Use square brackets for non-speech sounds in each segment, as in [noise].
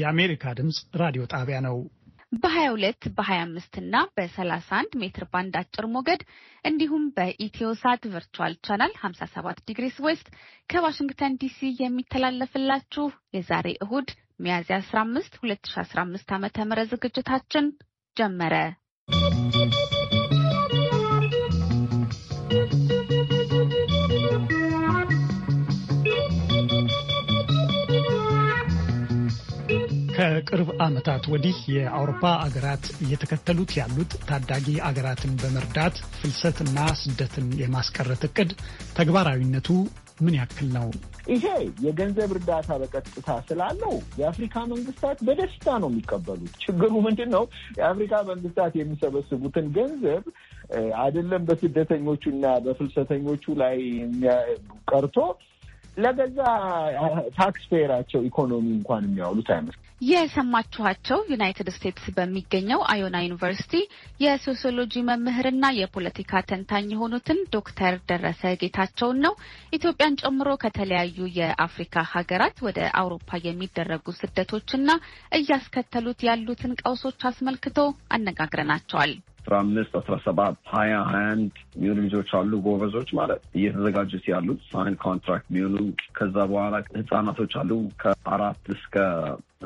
የአሜሪካ ድምፅ ራዲዮ ጣቢያ ነው። በ22 በ25 እና በ31 ሜትር ባንድ አጭር ሞገድ እንዲሁም በኢትዮሳት ቨርቹዋል ቻናል 57 ዲግሪስ ዌስት ከዋሽንግተን ዲሲ የሚተላለፍላችሁ የዛሬ እሁድ ሚያዝያ 15 2015 ዓ ም ዝግጅታችን ጀመረ። ከቅርብ ዓመታት ወዲህ የአውሮፓ አገራት እየተከተሉት ያሉት ታዳጊ አገራትን በመርዳት ፍልሰትና ስደትን የማስቀረት እቅድ ተግባራዊነቱ ምን ያክል ነው? ይሄ የገንዘብ እርዳታ በቀጥታ ስላለው የአፍሪካ መንግስታት በደስታ ነው የሚቀበሉት። ችግሩ ምንድን ነው? የአፍሪካ መንግስታት የሚሰበስቡትን ገንዘብ አይደለም በስደተኞቹና በፍልሰተኞቹ ላይ ቀርቶ ለገዛ ታክስ ፔየራቸው ኢኮኖሚ እንኳን የሚያውሉት አይመስል የሰማችኋቸው ዩናይትድ ስቴትስ በሚገኘው አዮና ዩኒቨርሲቲ የሶሲዮሎጂ መምህርና የፖለቲካ ተንታኝ የሆኑትን ዶክተር ደረሰ ጌታቸውን ነው። ኢትዮጵያን ጨምሮ ከተለያዩ የአፍሪካ ሀገራት ወደ አውሮፓ የሚደረጉ ስደቶችና እያስከተሉት ያሉትን ቀውሶች አስመልክቶ አነጋግረናቸዋል። አስራ አምስት አስራ ሰባት ሀያ ሀያ አንድ የሚሆኑ ልጆች አሉ። ጎበዞች ማለት እየተዘጋጁት ያሉት ሳይን ኮንትራክት የሚሆኑ ከዛ በኋላ ህጻናቶች አሉ ከአራት እስከ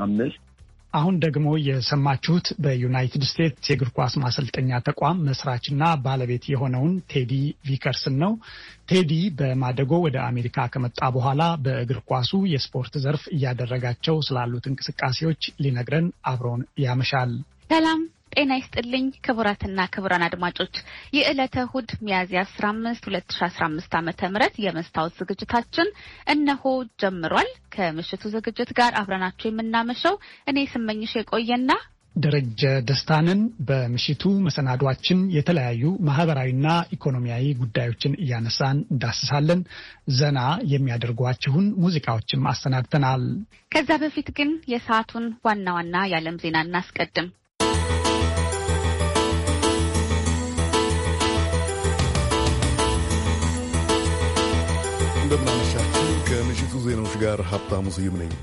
አምስት አሁን ደግሞ የሰማችሁት በዩናይትድ ስቴትስ የእግር ኳስ ማሰልጠኛ ተቋም መስራችና ባለቤት የሆነውን ቴዲ ቪከርስን ነው። ቴዲ በማደጎ ወደ አሜሪካ ከመጣ በኋላ በእግር ኳሱ የስፖርት ዘርፍ እያደረጋቸው ስላሉት እንቅስቃሴዎች ሊነግረን አብሮን ያመሻል። ሰላም ጤና ይስጥልኝ ክቡራትና ክቡራን አድማጮች የዕለተ እሁድ ሚያዝያ 15 2015 ዓ ም የመስታወት ዝግጅታችን እነሆ ጀምሯል። ከምሽቱ ዝግጅት ጋር አብረናቸው የምናመሸው እኔ ስመኝሽ የቆየና ደረጀ ደስታንን በምሽቱ መሰናዷችን የተለያዩ ማህበራዊና ኢኮኖሚያዊ ጉዳዮችን እያነሳን እንዳስሳለን። ዘና የሚያደርጓችሁን ሙዚቃዎችም አሰናድተናል። ከዛ በፊት ግን የሰዓቱን ዋና ዋና የዓለም ዜና እናስቀድም። todos chegar, raptamos o menino.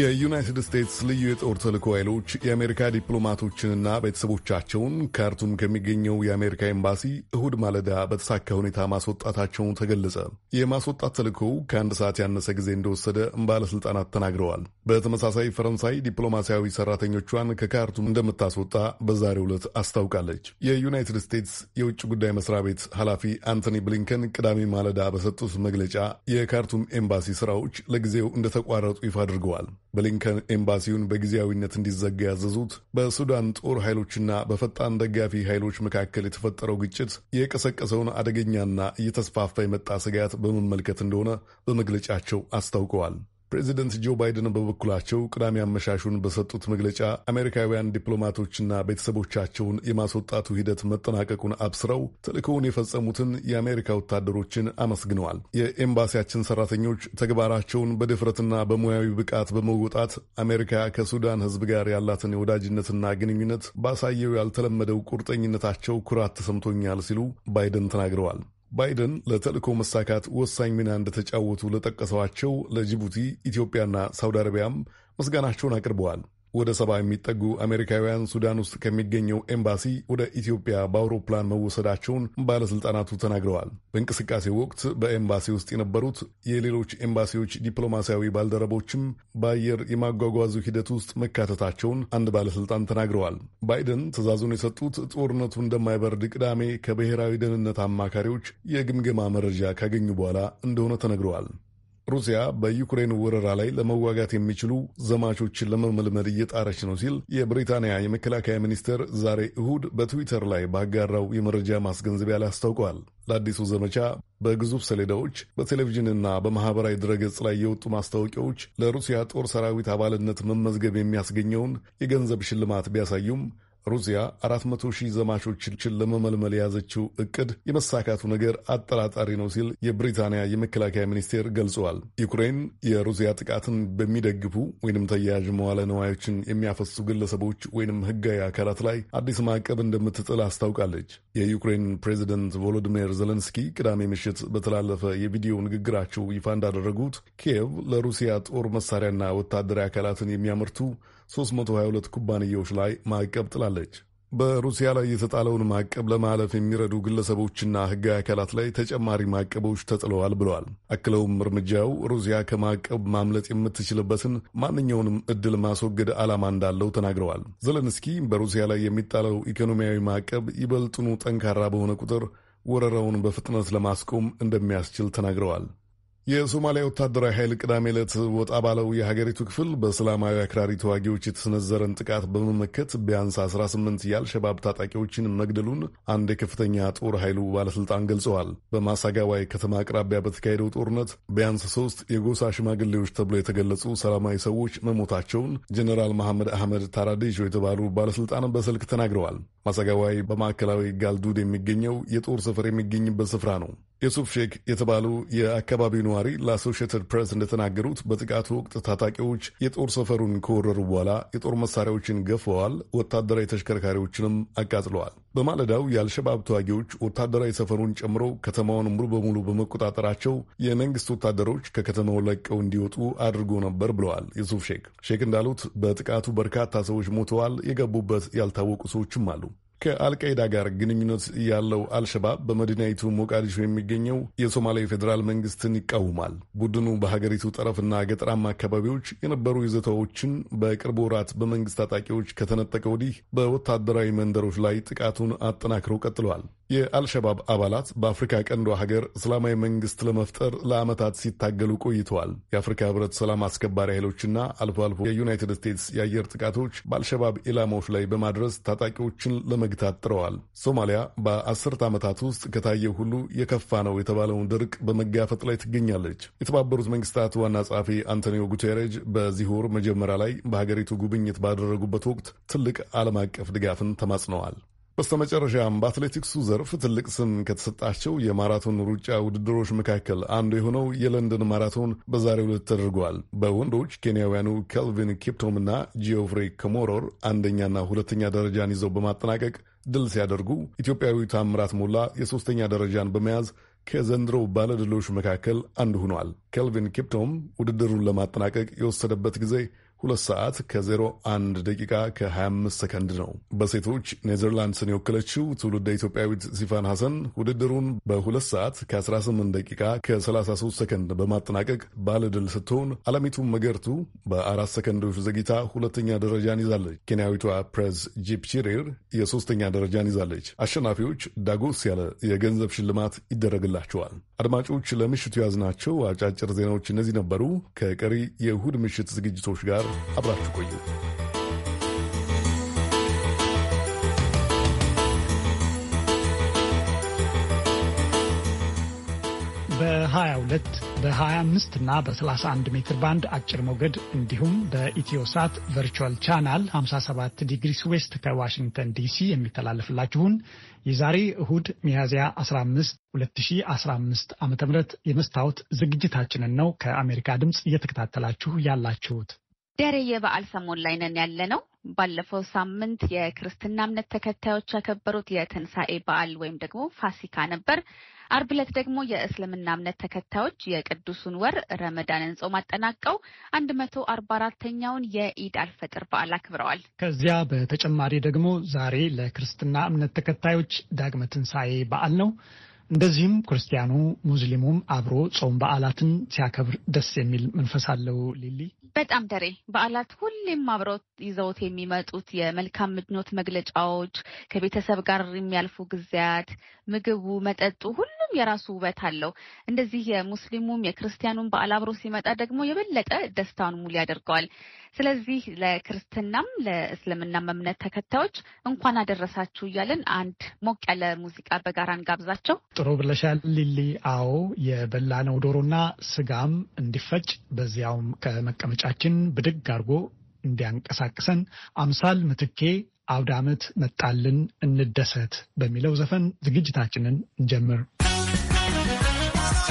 የዩናይትድ ስቴትስ ልዩ የጦር ተልእኮ ኃይሎች የአሜሪካ ዲፕሎማቶችንና ቤተሰቦቻቸውን ካርቱም ከሚገኘው የአሜሪካ ኤምባሲ እሁድ ማለዳ በተሳካ ሁኔታ ማስወጣታቸውን ተገለጸ። የማስወጣት ተልእኮው ከአንድ ሰዓት ያነሰ ጊዜ እንደወሰደ ባለስልጣናት ተናግረዋል። በተመሳሳይ ፈረንሳይ ዲፕሎማሲያዊ ሰራተኞቿን ከካርቱም እንደምታስወጣ በዛሬው ዕለት አስታውቃለች። የዩናይትድ ስቴትስ የውጭ ጉዳይ መስሪያ ቤት ኃላፊ አንቶኒ ብሊንከን ቅዳሜ ማለዳ በሰጡት መግለጫ የካርቱም ኤምባሲ ስራዎች ለጊዜው እንደተቋረጡ ይፋ አድርገዋል። ብሊንከን ኤምባሲውን በጊዜያዊነት እንዲዘጋ ያዘዙት በሱዳን ጦር ኃይሎችና በፈጣን ደጋፊ ኃይሎች መካከል የተፈጠረው ግጭት የቀሰቀሰውን አደገኛና እየተስፋፋ የመጣ ስጋት በመመልከት እንደሆነ በመግለጫቸው አስታውቀዋል። ፕሬዚደንት ጆ ባይደን በበኩላቸው ቅዳሜ አመሻሹን በሰጡት መግለጫ አሜሪካውያን ዲፕሎማቶችና ቤተሰቦቻቸውን የማስወጣቱ ሂደት መጠናቀቁን አብስረው ተልእኮውን የፈጸሙትን የአሜሪካ ወታደሮችን አመስግነዋል። የኤምባሲያችን ሰራተኞች ተግባራቸውን በድፍረትና በሙያዊ ብቃት በመወጣት አሜሪካ ከሱዳን ሕዝብ ጋር ያላትን የወዳጅነትና ግንኙነት ባሳየው ያልተለመደው ቁርጠኝነታቸው ኩራት ተሰምቶኛል ሲሉ ባይደን ተናግረዋል። ባይደን ለተልእኮ መሳካት ወሳኝ ሚና እንደተጫወቱ ለጠቀሰዋቸው ለጅቡቲ፣ ኢትዮጵያና ሳውዲ አረቢያም ምስጋናቸውን አቅርበዋል። ወደ ሰባ የሚጠጉ አሜሪካውያን ሱዳን ውስጥ ከሚገኘው ኤምባሲ ወደ ኢትዮጵያ በአውሮፕላን መወሰዳቸውን ባለስልጣናቱ ተናግረዋል። በእንቅስቃሴ ወቅት በኤምባሲ ውስጥ የነበሩት የሌሎች ኤምባሲዎች ዲፕሎማሲያዊ ባልደረቦችም በአየር የማጓጓዙ ሂደት ውስጥ መካተታቸውን አንድ ባለስልጣን ተናግረዋል። ባይደን ትዕዛዙን የሰጡት ጦርነቱ እንደማይበርድ ቅዳሜ ከብሔራዊ ደህንነት አማካሪዎች የግምገማ መረጃ ካገኙ በኋላ እንደሆነ ተነግረዋል። ሩሲያ በዩክሬን ወረራ ላይ ለመዋጋት የሚችሉ ዘማቾችን ለመመልመል እየጣረች ነው ሲል የብሪታንያ የመከላከያ ሚኒስቴር ዛሬ እሁድ በትዊተር ላይ ባጋራው የመረጃ ማስገንዘቢያ ላይ አስታውቀዋል። ለአዲሱ ዘመቻ በግዙፍ ሰሌዳዎች በቴሌቪዥንና በማህበራዊ ድረገጽ ላይ የወጡ ማስታወቂያዎች ለሩሲያ ጦር ሰራዊት አባልነት መመዝገብ የሚያስገኘውን የገንዘብ ሽልማት ቢያሳዩም ሩሲያ 400 ሺህ ዘማቾችን ለመመልመል የያዘችው እቅድ የመሳካቱ ነገር አጠራጣሪ ነው ሲል የብሪታንያ የመከላከያ ሚኒስቴር ገልጸዋል። ዩክሬን የሩሲያ ጥቃትን በሚደግፉ ወይንም ተያያዥ መዋለ ነዋዮችን የሚያፈሱ ግለሰቦች ወይንም ሕጋዊ አካላት ላይ አዲስ ማዕቀብ እንደምትጥል አስታውቃለች። የዩክሬን ፕሬዚደንት ቮሎዲሚር ዜሌንስኪ ቅዳሜ ምሽት በተላለፈ የቪዲዮ ንግግራቸው ይፋ እንዳደረጉት ኪየቭ ለሩሲያ ጦር መሳሪያና ወታደራዊ አካላትን የሚያመርቱ 322 ኩባንያዎች ላይ ማዕቀብ ጥላለች። በሩሲያ ላይ የተጣለውን ማዕቀብ ለማለፍ የሚረዱ ግለሰቦችና ሕጋዊ አካላት ላይ ተጨማሪ ማዕቀቦች ተጥለዋል ብለዋል። አክለውም እርምጃው ሩሲያ ከማዕቀብ ማምለጥ የምትችልበትን ማንኛውንም እድል ማስወገድ ዓላማ እንዳለው ተናግረዋል። ዘለንስኪ በሩሲያ ላይ የሚጣለው ኢኮኖሚያዊ ማዕቀብ ይበልጥኑ ጠንካራ በሆነ ቁጥር ወረራውን በፍጥነት ለማስቆም እንደሚያስችል ተናግረዋል። የሶማሊያ ወታደራዊ ኃይል ቅዳሜ ዕለት ወጣ ባለው የሀገሪቱ ክፍል በእስላማዊ አክራሪ ተዋጊዎች የተሰነዘረን ጥቃት በመመከት ቢያንስ 18 የአልሸባብ ታጣቂዎችን መግደሉን አንድ የከፍተኛ ጦር ኃይሉ ባለሥልጣን ገልጸዋል። በማሳጋዋይ ከተማ አቅራቢያ በተካሄደው ጦርነት ቢያንስ ሶስት የጎሳ ሽማግሌዎች ተብለው የተገለጹ ሰላማዊ ሰዎች መሞታቸውን ጀኔራል መሐመድ አህመድ ታራዴጆ የተባሉ ባለሥልጣን በስልክ ተናግረዋል። ማሳጋዋይ በማዕከላዊ ጋልዱድ የሚገኘው የጦር ሰፈር የሚገኝበት ስፍራ ነው። የሱፍ ሼክ የተባሉ የአካባቢው ነዋሪ ለአሶሽትድ ፕሬስ እንደተናገሩት በጥቃቱ ወቅት ታጣቂዎች የጦር ሰፈሩን ከወረሩ በኋላ የጦር መሳሪያዎችን ገፈዋል፣ ወታደራዊ ተሽከርካሪዎችንም አቃጥለዋል። በማለዳው የአልሸባብ ተዋጊዎች ወታደራዊ ሰፈሩን ጨምሮ ከተማውን ሙሉ በሙሉ በመቆጣጠራቸው የመንግስት ወታደሮች ከከተማው ለቀው እንዲወጡ አድርጎ ነበር ብለዋል የሱፍ ሼክ። ሼክ እንዳሉት በጥቃቱ በርካታ ሰዎች ሞተዋል፣ የገቡበት ያልታወቁ ሰዎችም አሉ። ከአልቃይዳ ጋር ግንኙነት ያለው አልሸባብ በመዲናይቱ ሞቃዲሾ የሚገኘው የሶማሊያ ፌዴራል መንግስትን ይቃወማል። ቡድኑ በሀገሪቱ ጠረፍና ገጠራማ አካባቢዎች የነበሩ ይዘታዎችን በቅርብ ወራት በመንግስት ታጣቂዎች ከተነጠቀ ወዲህ በወታደራዊ መንደሮች ላይ ጥቃቱን አጠናክሮ ቀጥሏል። የአልሸባብ አባላት በአፍሪካ ቀንዷ ሀገር እስላማዊ መንግስት ለመፍጠር ለዓመታት ሲታገሉ ቆይተዋል። የአፍሪካ ህብረት ሰላም አስከባሪ ኃይሎችና አልፎ አልፎ የዩናይትድ ስቴትስ የአየር ጥቃቶች በአልሸባብ ኢላማዎች ላይ በማድረስ ታጣቂዎችን ለመግታት ጥረዋል። ሶማሊያ በአስርት ዓመታት ውስጥ ከታየው ሁሉ የከፋ ነው የተባለውን ድርቅ በመጋፈጥ ላይ ትገኛለች። የተባበሩት መንግስታት ዋና ጸሐፊ አንቶኒዮ ጉቴሬጅ በዚህ ወር መጀመሪያ ላይ በሀገሪቱ ጉብኝት ባደረጉበት ወቅት ትልቅ ዓለም አቀፍ ድጋፍን ተማጽነዋል። በስተመጨረሻም በአትሌቲክሱ ዘርፍ ትልቅ ስም ከተሰጣቸው የማራቶን ሩጫ ውድድሮች መካከል አንዱ የሆነው የለንደን ማራቶን በዛሬው ዕለት ተደርጓል። በወንዶች ኬንያውያኑ ኬልቪን እና ጂኦፍሬ ከሞሮር አንደኛና ሁለተኛ ደረጃን ይዘው በማጠናቀቅ ድል ሲያደርጉ፣ ኢትዮጵያዊ ታምራት ሞላ የሦስተኛ ደረጃን በመያዝ ከዘንድሮው ባለድሎች መካከል አንዱ ሆኗል። ኬልቪን ኬፕቶም ውድድሩን ለማጠናቀቅ የወሰደበት ጊዜ ሁለት ሰዓት ከ01 ደቂቃ ከ25 ሰከንድ ነው። በሴቶች ኔዘርላንድስን የወከለችው ትውልደ ኢትዮጵያዊት ሲፋን ሐሰን ውድድሩን በሁለት ሰዓት ከ18 ደቂቃ ከ33 ሰከንድ በማጠናቀቅ ባለድል ስትሆን አለሚቱ መገርቱ በአራት ሰከንዶች ዘግይታ ሁለተኛ ደረጃን ይዛለች። ኬንያዊቷ ፕሬዝ ጂፕቺሬር የሶስተኛ ደረጃን ይዛለች። አሸናፊዎች ዳጎስ ያለ የገንዘብ ሽልማት ይደረግላቸዋል። አድማጮች፣ ለምሽቱ ያዝናቸው አጫጭር ዜናዎች እነዚህ ነበሩ። ከቀሪ የእሁድ ምሽት ዝግጅቶች ጋር አብራችሁ ቆዩ። በ22 በ25 እና በ31 ሜትር ባንድ አጭር ሞገድ እንዲሁም በኢትዮሳት ቨርቹዋል ቻናል 57 ዲግሪስ ዌስት ከዋሽንግተን ዲሲ የሚተላለፍላችሁን የዛሬ እሁድ ሚያዝያ 15 2015 ዓ ም የመስታወት ዝግጅታችንን ነው ከአሜሪካ ድምፅ እየተከታተላችሁ ያላችሁት። ዳሬ የበዓል ሰሞን ላይ ነን ያለ ነው። ባለፈው ሳምንት የክርስትና እምነት ተከታዮች ያከበሩት የትንሣኤ በዓል ወይም ደግሞ ፋሲካ ነበር። አርብ ዕለት ደግሞ የእስልምና እምነት ተከታዮች የቅዱሱን ወር ረመዳንን ጾም አጠናቀው አንድ መቶ አርባ አራተኛውን የኢድ አልፈጥር በዓል አክብረዋል። ከዚያ በተጨማሪ ደግሞ ዛሬ ለክርስትና እምነት ተከታዮች ዳግመ ትንሣኤ በዓል ነው። እንደዚህም ክርስቲያኑ ሙስሊሙም አብሮ ጾም በዓላትን ሲያከብር ደስ የሚል መንፈስ አለው። ሊሊ በጣም ደሬ በዓላት ሁሌም አብረው ይዘውት የሚመጡት የመልካም ምኞት መግለጫዎች፣ ከቤተሰብ ጋር የሚያልፉ ጊዜያት፣ ምግቡ፣ መጠጡ ሁሉ ሁሉም የራሱ ውበት አለው። እንደዚህ የሙስሊሙም የክርስቲያኑም በዓል አብሮ ሲመጣ ደግሞ የበለጠ ደስታውን ሙሉ ያደርገዋል። ስለዚህ ለክርስትናም ለእስልምናም እምነት ተከታዮች እንኳን አደረሳችሁ እያለን አንድ ሞቅ ያለ ሙዚቃ በጋራ እንጋብዛቸው። ጥሩ ብለሻል ሊሊ። አዎ የበላነው ዶሮና ስጋም እንዲፈጭ በዚያውም ከመቀመጫችን ብድግ አድርጎ እንዲያንቀሳቅሰን አምሳል ምትኬ አውደ ዓመት መጣልን እንደሰት በሚለው ዘፈን ዝግጅታችንን እንጀምር።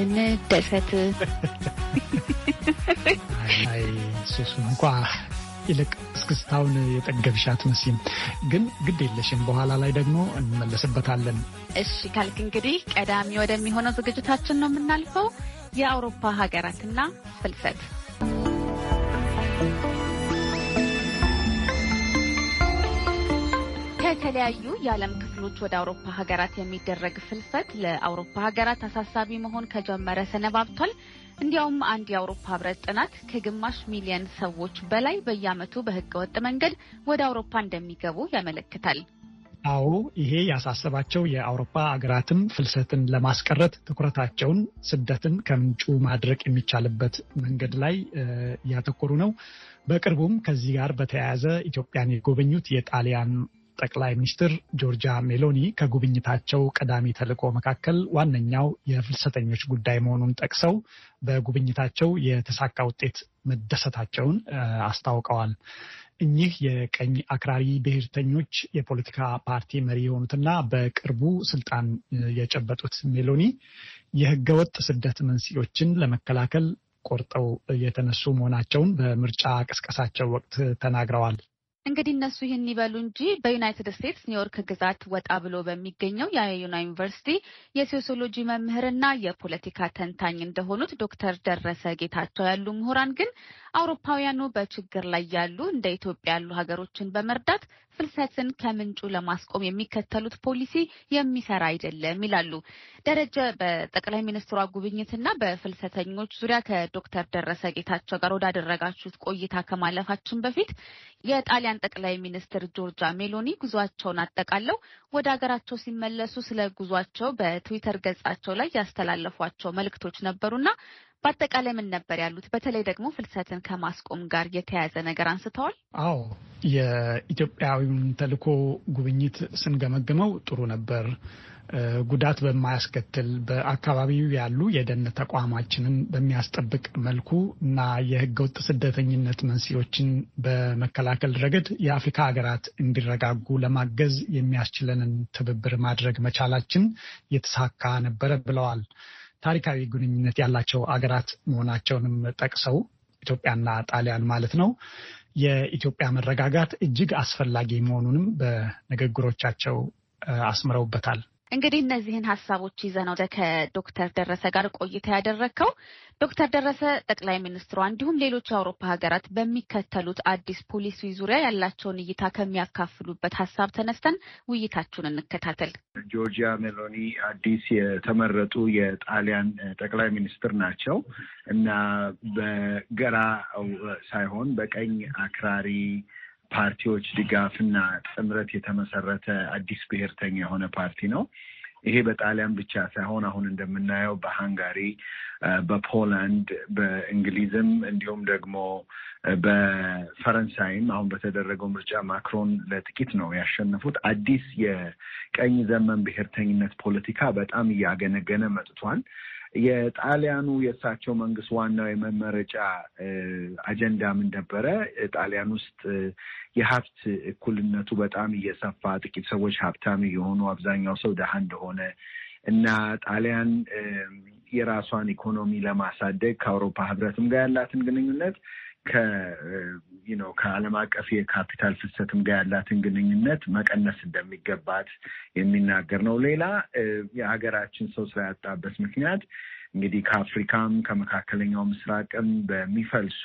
እንደሰት። [laughs] አይ ሱሱን እንኳ ይልቅ እስክስታውን የጠገብሻት መሲም ግን ግድ የለሽም። በኋላ ላይ ደግሞ እንመለስበታለን። እሺ ካልክ እንግዲህ ቀዳሚ ወደሚሆነው ዝግጅታችን ነው የምናልፈው፣ የአውሮፓ ሀገራትና ፍልሰት ከተለያዩ የዓለም ክፍሎች ወደ አውሮፓ ሀገራት የሚደረግ ፍልሰት ለአውሮፓ ሀገራት አሳሳቢ መሆን ከጀመረ ሰነባብቷል። እንዲያውም አንድ የአውሮፓ ህብረት ጥናት ከግማሽ ሚሊየን ሰዎች በላይ በየዓመቱ በህገወጥ መንገድ ወደ አውሮፓ እንደሚገቡ ያመለክታል። አዎ ይሄ ያሳሰባቸው የአውሮፓ ሀገራትም ፍልሰትን ለማስቀረት ትኩረታቸውን ስደትን ከምንጩ ማድረቅ የሚቻልበት መንገድ ላይ እያተኮሩ ነው። በቅርቡም ከዚህ ጋር በተያያዘ ኢትዮጵያን የጎበኙት የጣሊያን ጠቅላይ ሚኒስትር ጆርጃ ሜሎኒ ከጉብኝታቸው ቀዳሚ ተልዕኮ መካከል ዋነኛው የፍልሰተኞች ጉዳይ መሆኑን ጠቅሰው በጉብኝታቸው የተሳካ ውጤት መደሰታቸውን አስታውቀዋል። እኚህ የቀኝ አክራሪ ብሔርተኞች የፖለቲካ ፓርቲ መሪ የሆኑትና በቅርቡ ስልጣን የጨበጡት ሜሎኒ የህገወጥ ስደት መንስኤዎችን ለመከላከል ቆርጠው የተነሱ መሆናቸውን በምርጫ ቅስቀሳቸው ወቅት ተናግረዋል። እንግዲህ እነሱ ይህን ይበሉ እንጂ በዩናይትድ ስቴትስ ኒውዮርክ ግዛት ወጣ ብሎ በሚገኘው የአዩና ዩኒቨርሲቲ የሶሲዮሎጂ መምህርና የፖለቲካ ተንታኝ እንደሆኑት ዶክተር ደረሰ ጌታቸው ያሉ ምሁራን ግን አውሮፓውያኑ በችግር ላይ ያሉ እንደ ኢትዮጵያ ያሉ ሀገሮችን በመርዳት ፍልሰትን ከምንጩ ለማስቆም የሚከተሉት ፖሊሲ የሚሰራ አይደለም ይላሉ። ደረጀ በጠቅላይ ሚኒስትሯ ጉብኝትና በፍልሰተኞች ዙሪያ ከዶክተር ደረሰ ጌታቸው ጋር ወዳደረጋችሁት ቆይታ ከማለፋችን በፊት የጣሊያን የጣሊያን ጠቅላይ ሚኒስትር ጆርጃ ሜሎኒ ጉዟቸውን አጠቃለው ወደ ሀገራቸው ሲመለሱ ስለ ጉዟቸው በትዊተር ገጻቸው ላይ ያስተላለፏቸው መልእክቶች ነበሩና በአጠቃላይ ምን ነበር ያሉት? በተለይ ደግሞ ፍልሰትን ከማስቆም ጋር የተያያዘ ነገር አንስተዋል። አዎ የኢትዮጵያዊውን ተልኮ ጉብኝት ስንገመግመው ጥሩ ነበር። ጉዳት በማያስከትል በአካባቢው ያሉ የደን ተቋማችንን በሚያስጠብቅ መልኩ እና የህገወጥ ስደተኝነት መንስኤዎችን በመከላከል ረገድ የአፍሪካ ሀገራት እንዲረጋጉ ለማገዝ የሚያስችለንን ትብብር ማድረግ መቻላችን የተሳካ ነበረ ብለዋል። ታሪካዊ ግንኙነት ያላቸው አገራት መሆናቸውንም ጠቅሰው ኢትዮጵያና ጣሊያን ማለት ነው። የኢትዮጵያ መረጋጋት እጅግ አስፈላጊ መሆኑንም በንግግሮቻቸው አስምረውበታል። እንግዲህ እነዚህን ሀሳቦች ይዘን ወደ ከዶክተር ደረሰ ጋር ቆይታ ያደረግከው ዶክተር ደረሰ ጠቅላይ ሚኒስትሯ እንዲሁም ሌሎች የአውሮፓ ሀገራት በሚከተሉት አዲስ ፖሊሲ ዙሪያ ያላቸውን እይታ ከሚያካፍሉበት ሀሳብ ተነስተን ውይይታችሁን እንከታተል። ጆርጂያ ሜሎኒ አዲስ የተመረጡ የጣሊያን ጠቅላይ ሚኒስትር ናቸው እና በግራ ሳይሆን በቀኝ አክራሪ ፓርቲዎች ድጋፍና ጥምረት የተመሰረተ አዲስ ብሔርተኛ የሆነ ፓርቲ ነው። ይሄ በጣሊያን ብቻ ሳይሆን አሁን እንደምናየው በሃንጋሪ፣ በፖላንድ፣ በእንግሊዝም እንዲሁም ደግሞ በፈረንሳይም አሁን በተደረገው ምርጫ ማክሮን ለጥቂት ነው ያሸነፉት። አዲስ የቀኝ ዘመን ብሔርተኝነት ፖለቲካ በጣም እያገነገነ መጥቷል። የጣሊያኑ የእሳቸው መንግስት ዋናው የመመረጫ አጀንዳ ምን ነበረ? ጣሊያን ውስጥ የሀብት እኩልነቱ በጣም እየሰፋ ጥቂት ሰዎች ሀብታም እየሆኑ አብዛኛው ሰው ደሃ እንደሆነ እና ጣሊያን የራሷን ኢኮኖሚ ለማሳደግ ከአውሮፓ ህብረትም ጋር ያላትን ግንኙነት ነው ከዓለም አቀፍ የካፒታል ፍሰትም ጋር ያላትን ግንኙነት መቀነስ እንደሚገባት የሚናገር ነው። ሌላ የሀገራችን ሰው ስራ ያጣበት ምክንያት እንግዲህ ከአፍሪካም ከመካከለኛው ምስራቅም በሚፈልሱ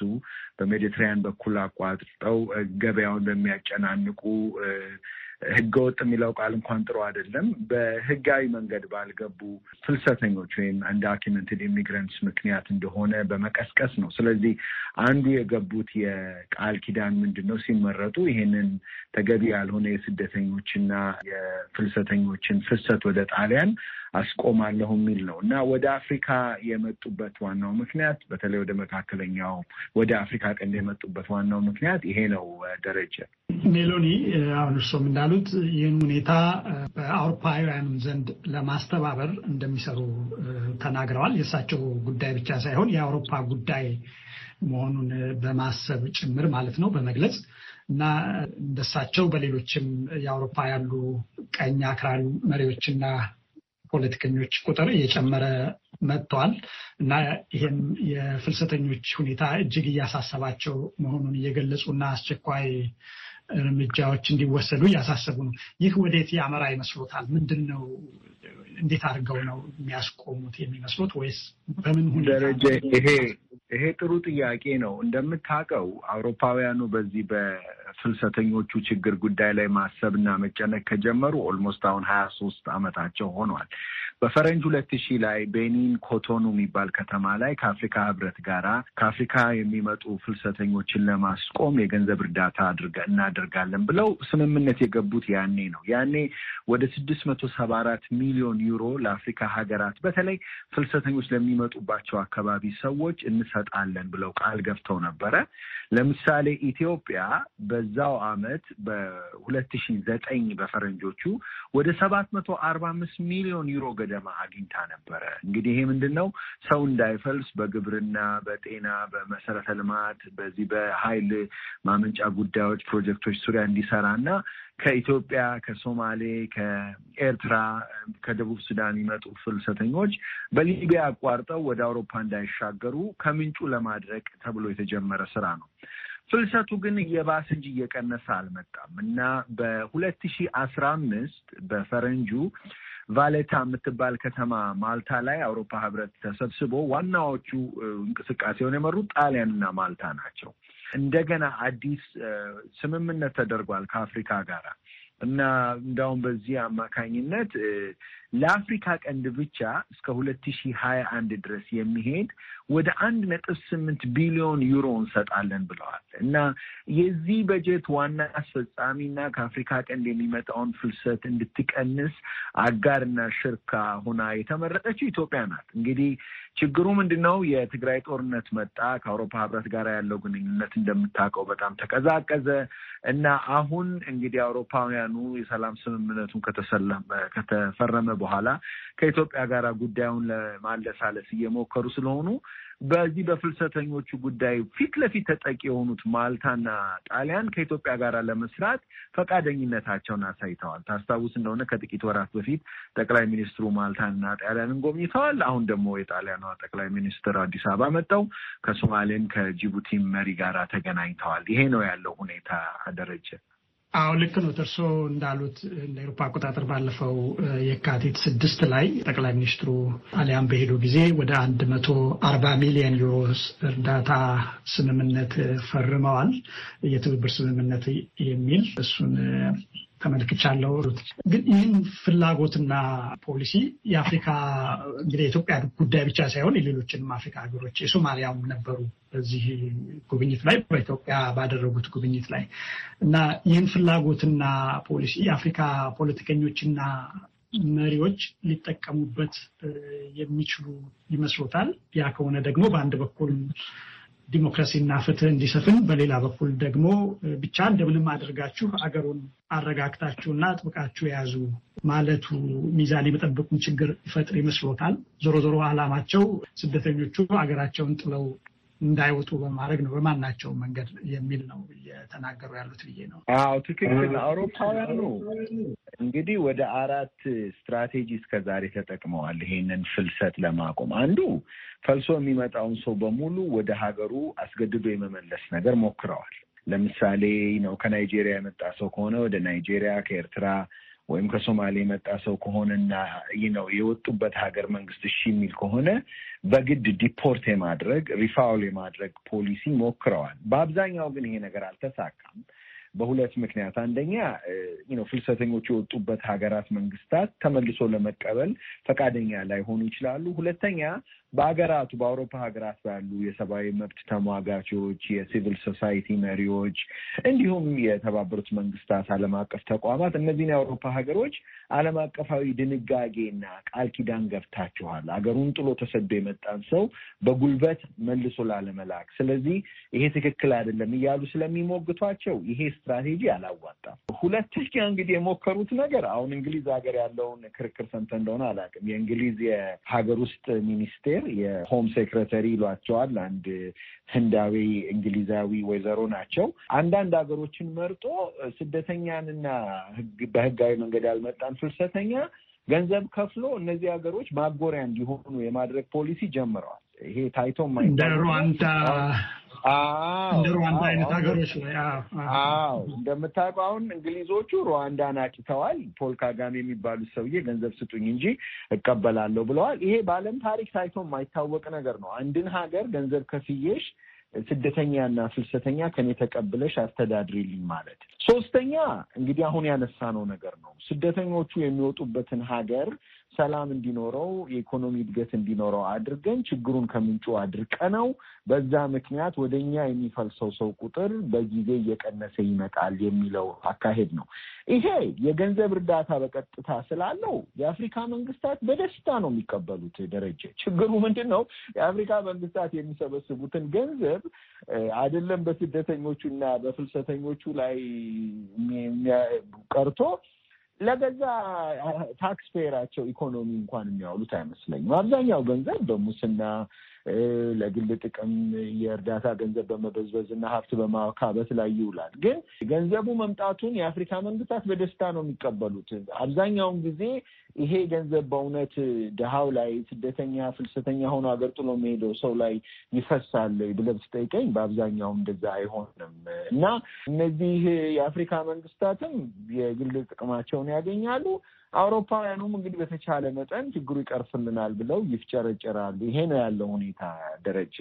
በሜዲትራያን በኩል አቋርጠው ገበያውን በሚያጨናንቁ ህገወጥ የሚለው ቃል እንኳን ጥሩ አይደለም። በህጋዊ መንገድ ባልገቡ ፍልሰተኞች ወይም አንዳኪመንትድ ኢሚግረንትስ ምክንያት እንደሆነ በመቀስቀስ ነው። ስለዚህ አንዱ የገቡት የቃል ኪዳን ምንድን ነው? ሲመረጡ ይህንን ተገቢ ያልሆነ የስደተኞችና የፍልሰተኞችን ፍሰት ወደ ጣሊያን አስቆማለሁ የሚል ነው እና ወደ አፍሪካ የመጡበት ዋናው ምክንያት በተለይ ወደ መካከለኛው ወደ አፍሪካ ቀንድ የመጡበት ዋናው ምክንያት ይሄ ነው። ደረጀ ሜሎኒ፣ አሁን እርሶም እንዳሉት ይህን ሁኔታ በአውሮፓውያንም ዘንድ ለማስተባበር እንደሚሰሩ ተናግረዋል። የእሳቸው ጉዳይ ብቻ ሳይሆን የአውሮፓ ጉዳይ መሆኑን በማሰብ ጭምር ማለት ነው በመግለጽ እና እንደሳቸው በሌሎችም የአውሮፓ ያሉ ቀኝ አክራሪ መሪዎችና ፖለቲከኞች ቁጥር እየጨመረ መጥቷል እና ይህም የፍልሰተኞች ሁኔታ እጅግ እያሳሰባቸው መሆኑን እየገለጹ እና አስቸኳይ እርምጃዎች እንዲወሰዱ እያሳሰቡ ነው። ይህ ወዴት ያመራ ይመስሎታል? ምንድን ነው እንዴት አድርገው ነው የሚያስቆሙት የሚመስሉት ወይስ በምን ሁኔታ? ይሄ ይሄ ጥሩ ጥያቄ ነው። እንደምታውቀው አውሮፓውያኑ በዚህ በፍልሰተኞቹ ችግር ጉዳይ ላይ እና መጨነቅ ከጀመሩ ኦልሞስት አሁን ሀያ ሶስት አመታቸው ሆኗል። በፈረንጅ ሁለት ሺህ ላይ ቤኒን ኮቶኑ የሚባል ከተማ ላይ ከአፍሪካ ህብረት ጋራ ከአፍሪካ የሚመጡ ፍልሰተኞችን ለማስቆም የገንዘብ እርዳታ እናደርጋለን ብለው ስምምነት የገቡት ያኔ ነው። ያኔ ወደ ስድስት መቶ ሰባ አራት ሚሊዮን ዩሮ ለአፍሪካ ሀገራት በተለይ ፍልሰተኞች ለሚመጡባቸው አካባቢ ሰዎች እንሰጣለን ብለው ቃል ገብተው ነበረ። ለምሳሌ ኢትዮጵያ በዛው አመት በሁለት ሺህ ዘጠኝ በፈረንጆቹ ወደ ሰባት መቶ አርባ አምስት ሚሊዮን ዩሮ ገደ ግምገማ አግኝታ ነበረ። እንግዲህ ይሄ ምንድን ነው ሰው እንዳይፈልስ በግብርና፣ በጤና፣ በመሰረተ ልማት፣ በዚህ በኃይል ማመንጫ ጉዳዮች ፕሮጀክቶች ዙሪያ እንዲሰራ እና ከኢትዮጵያ፣ ከሶማሌ፣ ከኤርትራ፣ ከደቡብ ሱዳን የሚመጡ ፍልሰተኞች በሊቢያ አቋርጠው ወደ አውሮፓ እንዳይሻገሩ ከምንጩ ለማድረቅ ተብሎ የተጀመረ ስራ ነው። ፍልሰቱ ግን እየባሰ እንጂ እየቀነሰ አልመጣም እና በሁለት ሺህ አስራ አምስት በፈረንጁ ቫሌታ የምትባል ከተማ ማልታ ላይ አውሮፓ ህብረት ተሰብስቦ ዋናዎቹ እንቅስቃሴውን የመሩ ጣሊያንና ማልታ ናቸው። እንደገና አዲስ ስምምነት ተደርጓል ከአፍሪካ ጋር እና እንዳውም በዚህ አማካኝነት ለአፍሪካ ቀንድ ብቻ እስከ ሁለት ሺ ሀያ አንድ ድረስ የሚሄድ ወደ አንድ ነጥብ ስምንት ቢሊዮን ዩሮ እንሰጣለን ብለዋል እና የዚህ በጀት ዋና አስፈጻሚና ከአፍሪካ ቀንድ የሚመጣውን ፍልሰት እንድትቀንስ አጋርና ሽርካ ሆና የተመረጠችው ኢትዮጵያ ናት። እንግዲህ ችግሩ ምንድን ነው? የትግራይ ጦርነት መጣ። ከአውሮፓ ህብረት ጋር ያለው ግንኙነት እንደምታውቀው በጣም ተቀዛቀዘ እና አሁን እንግዲህ አውሮፓውያኑ የሰላም ስምምነቱን ከተፈረመ በኋላ ከኢትዮጵያ ጋር ጉዳዩን ለማለሳለስ እየሞከሩ ስለሆኑ በዚህ በፍልሰተኞቹ ጉዳይ ፊት ለፊት ተጠቂ የሆኑት ማልታና ጣሊያን ከኢትዮጵያ ጋር ለመስራት ፈቃደኝነታቸውን አሳይተዋል። ታስታውስ እንደሆነ ከጥቂት ወራት በፊት ጠቅላይ ሚኒስትሩ ማልታና ጣሊያንን ጎብኝተዋል። አሁን ደግሞ የጣሊያኗ ጠቅላይ ሚኒስትር አዲስ አበባ መጥተው ከሶማሌም ከጅቡቲም መሪ ጋር ተገናኝተዋል። ይሄ ነው ያለው ሁኔታ ደረጀ። አዎ ልክ ነው። እርስዎ እንዳሉት እንደ ኤሮፓ አቆጣጠር ባለፈው የካቲት ስድስት ላይ ጠቅላይ ሚኒስትሩ ጣሊያን በሄዱ ጊዜ ወደ አንድ መቶ አርባ ሚሊዮን ዩሮ እርዳታ ስምምነት ፈርመዋል። የትብብር ስምምነት የሚል እሱን ተመልክቻለሁ። ግን ይህን ፍላጎትና ፖሊሲ የአፍሪካ እንግዲህ የኢትዮጵያ ጉዳይ ብቻ ሳይሆን የሌሎችንም አፍሪካ ሀገሮች የሶማሊያም ነበሩ በዚህ ጉብኝት ላይ በኢትዮጵያ ባደረጉት ጉብኝት ላይ እና ይህን ፍላጎትና ፖሊሲ የአፍሪካ ፖለቲከኞችና መሪዎች ሊጠቀሙበት የሚችሉ ይመስሎታል? ያ ከሆነ ደግሞ በአንድ በኩል ዲሞክራሲና ፍትህ እንዲሰፍን፣ በሌላ በኩል ደግሞ ብቻ እንደምንም አድርጋችሁ አገሩን አረጋግታችሁና ጥብቃችሁ የያዙ ማለቱ ሚዛን የመጠበቁን ችግር ይፈጥር ይመስሎታል? ዞሮ ዞሮ አላማቸው ስደተኞቹ አገራቸውን ጥለው እንዳይወጡ በማድረግ ነው በማናቸው መንገድ የሚል ነው እየተናገሩ ያሉት ብዬ ነው። አዎ ትክክል። አውሮፓውያኑ እንግዲህ ወደ አራት ስትራቴጂ እስከዛሬ ተጠቅመዋል ይሄንን ፍልሰት ለማቆም። አንዱ ፈልሶ የሚመጣውን ሰው በሙሉ ወደ ሀገሩ አስገድዶ የመመለስ ነገር ሞክረዋል። ለምሳሌ ነው ከናይጄሪያ የመጣ ሰው ከሆነ ወደ ናይጄሪያ፣ ከኤርትራ ወይም ከሶማሌ የመጣ ሰው ከሆነና ነው የወጡበት ሀገር መንግስት እሺ የሚል ከሆነ በግድ ዲፖርት የማድረግ ሪፋውል የማድረግ ፖሊሲ ሞክረዋል። በአብዛኛው ግን ይሄ ነገር አልተሳካም። በሁለት ምክንያት አንደኛ ነው ፍልሰተኞቹ የወጡበት ሀገራት መንግስታት ተመልሶ ለመቀበል ፈቃደኛ ላይሆኑ ይችላሉ። ሁለተኛ በሀገራቱ በአውሮፓ ሀገራት ባሉ የሰብአዊ መብት ተሟጋቾች፣ የሲቪል ሶሳይቲ መሪዎች እንዲሁም የተባበሩት መንግስታት ዓለም አቀፍ ተቋማት እነዚህን የአውሮፓ ሀገሮች ዓለም አቀፋዊ ድንጋጌና ቃል ኪዳን ገብታችኋል። ሀገሩን ጥሎ ተሰዶ የመጣን ሰው በጉልበት መልሶ ላለመላክ፣ ስለዚህ ይሄ ትክክል አይደለም እያሉ ስለሚሞግቷቸው ይሄ ስትራቴጂ አላዋጣም። ሁለተኛ እንግዲህ የሞከሩት ነገር አሁን እንግሊዝ ሀገር ያለውን ክርክር ሰምተህ እንደሆነ አላውቅም። የእንግሊዝ የሀገር ውስጥ ሚኒስቴር የሆም ሴክሬተሪ ይሏቸዋል። አንድ ህንዳዊ እንግሊዛዊ ወይዘሮ ናቸው። አንዳንድ ሀገሮችን መርጦ ስደተኛንና በህጋዊ መንገድ ያልመጣን ፍልሰተኛ ገንዘብ ከፍሎ እነዚህ ሀገሮች ማጎሪያ እንዲሆኑ የማድረግ ፖሊሲ ጀምረዋል። ይሄ ታይቶ እንደ ሩዋንዳ እንደ ሩዋንዳ አይነት ሀገሮች ላይ እንደምታውቀው አሁን እንግሊዞቹ ሩዋንዳን አጭተዋል። ፖል ካጋሜ የሚባሉት ሰውዬ ገንዘብ ስጡኝ እንጂ እቀበላለሁ ብለዋል። ይሄ በዓለም ታሪክ ታይቶ የማይታወቅ ነገር ነው። አንድን ሀገር ገንዘብ ከፍዬሽ ስደተኛና ፍልሰተኛ ከኔ ተቀብለሽ አስተዳድሪልኝ ማለት። ሶስተኛ እንግዲህ አሁን ያነሳነው ነገር ነው። ስደተኞቹ የሚወጡበትን ሀገር ሰላም እንዲኖረው የኢኮኖሚ እድገት እንዲኖረው አድርገን ችግሩን ከምንጩ አድርቀ ነው። በዛ ምክንያት ወደ እኛ የሚፈልሰው ሰው ቁጥር በጊዜ እየቀነሰ ይመጣል የሚለው አካሄድ ነው። ይሄ የገንዘብ እርዳታ በቀጥታ ስላለው የአፍሪካ መንግስታት በደስታ ነው የሚቀበሉት። ደረጀ፣ ችግሩ ምንድን ነው? የአፍሪካ መንግስታት የሚሰበስቡትን ገንዘብ አይደለም በስደተኞቹ እና በፍልሰተኞቹ ላይ ቀርቶ ለገዛ ታክስ ፔየራቸው ኢኮኖሚ እንኳን የሚያውሉት አይመስለኝም። አብዛኛው ገንዘብ በሙስና ለግል ጥቅም የእርዳታ ገንዘብ በመበዝበዝ እና ሀብት በማካበት ላይ ይውላል። ግን ገንዘቡ መምጣቱን የአፍሪካ መንግስታት በደስታ ነው የሚቀበሉት። አብዛኛውን ጊዜ ይሄ ገንዘብ በእውነት ድሃው ላይ ስደተኛ፣ ፍልሰተኛ ሆኖ አገር ጥሎ የሚሄደው ሰው ላይ ይፈሳል ብለህ ብትጠይቀኝ በአብዛኛው እንደዛ አይሆንም እና እነዚህ የአፍሪካ መንግስታትም የግል ጥቅማቸውን ያገኛሉ አውሮፓውያኑም እንግዲህ በተቻለ መጠን ችግሩ ይቀርፍልናል ብለው ይፍጨረጨራሉ። ይሄ ነው ያለው ሁኔታ ደረጀ።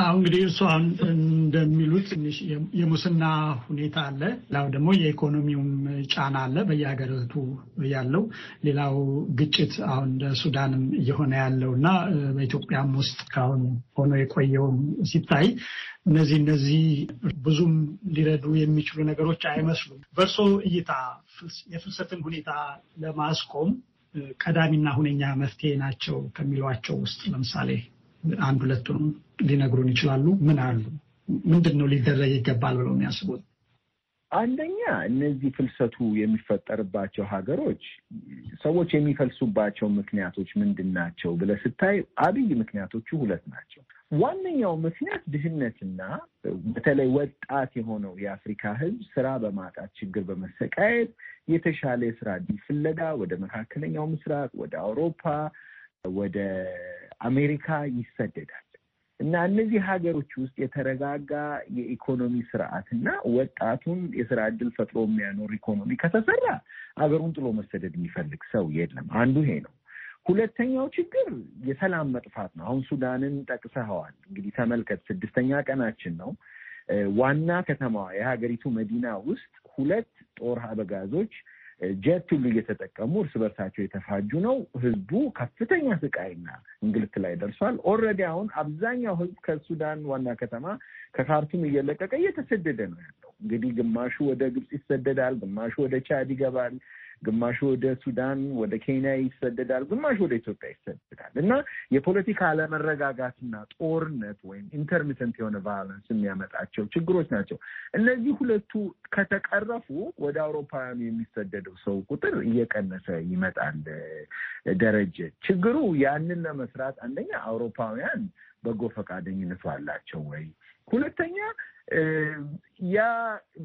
አሁ እንግዲህ እርሱ አሁን እንደሚሉት ትንሽ የሙስና ሁኔታ አለ። ሌላው ደግሞ የኢኮኖሚውም ጫና አለ በየሀገሪቱ ያለው። ሌላው ግጭት አሁን እንደ ሱዳንም እየሆነ ያለው እና በኢትዮጵያም ውስጥ ካሁን ሆኖ የቆየውም ሲታይ እነዚህ እነዚህ ብዙም ሊረዱ የሚችሉ ነገሮች አይመስሉም። በእርሶ እይታ የፍልሰትን ሁኔታ ለማስቆም ቀዳሚና ሁነኛ መፍትሄ ናቸው ከሚሏቸው ውስጥ ለምሳሌ አንድ ሁለቱን ሊነግሩን ይችላሉ? ምን አሉ? ምንድን ነው ሊደረግ ይገባል ብለው የሚያስቡት? አንደኛ እነዚህ ፍልሰቱ የሚፈጠርባቸው ሀገሮች ሰዎች የሚፈልሱባቸው ምክንያቶች ምንድን ናቸው ብለህ ስታይ አብይ ምክንያቶቹ ሁለት ናቸው። ዋነኛው ምክንያት ድህነትና በተለይ ወጣት የሆነው የአፍሪካ ህዝብ ስራ በማጣት ችግር በመሰቃየት የተሻለ የስራ እድል ፍለጋ ወደ መካከለኛው ምስራቅ፣ ወደ አውሮፓ፣ ወደ አሜሪካ ይሰደዳል እና እነዚህ ሀገሮች ውስጥ የተረጋጋ የኢኮኖሚ ስርዓትና ወጣቱን የስራ እድል ፈጥሮ የሚያኖር ኢኮኖሚ ከተሰራ ሀገሩን ጥሎ መሰደድ የሚፈልግ ሰው የለም። አንዱ ይሄ ነው። ሁለተኛው ችግር የሰላም መጥፋት ነው። አሁን ሱዳንን ጠቅሰኸዋል። እንግዲህ ተመልከት፣ ስድስተኛ ቀናችን ነው። ዋና ከተማዋ የሀገሪቱ መዲና ውስጥ ሁለት ጦር አበጋዞች ጀት ሁሉ እየተጠቀሙ እርስ በርሳቸው የተፋጁ ነው። ህዝቡ ከፍተኛ ስቃይና እንግልት ላይ ደርሷል። ኦልሬዲ አሁን አብዛኛው ህዝብ ከሱዳን ዋና ከተማ ከካርቱም እየለቀቀ እየተሰደደ ነው ያለው። እንግዲህ ግማሹ ወደ ግብፅ ይሰደዳል፣ ግማሹ ወደ ቻድ ይገባል፣ ግማሹ ወደ ሱዳን፣ ወደ ኬንያ ይሰደዳል፣ ግማሹ ወደ ኢትዮጵያ ይሰደዳል እና የፖለቲካ አለመረጋጋትና ጦርነት ወይም ኢንተርሚተንት የሆነ ቫዮለንስ የሚያመጣቸው ችግሮች ናቸው። እነዚህ ሁለቱ ከተቀረፉ ወደ አውሮፓውያኑ የሚሰደደው ሰው ቁጥር እየቀነሰ ይመጣል። ደረጀ፣ ችግሩ ያንን ለመስራት አንደኛ አውሮፓውያን በጎ ፈቃደኝነቱ አላቸው ወይ? ሁለተኛ ያ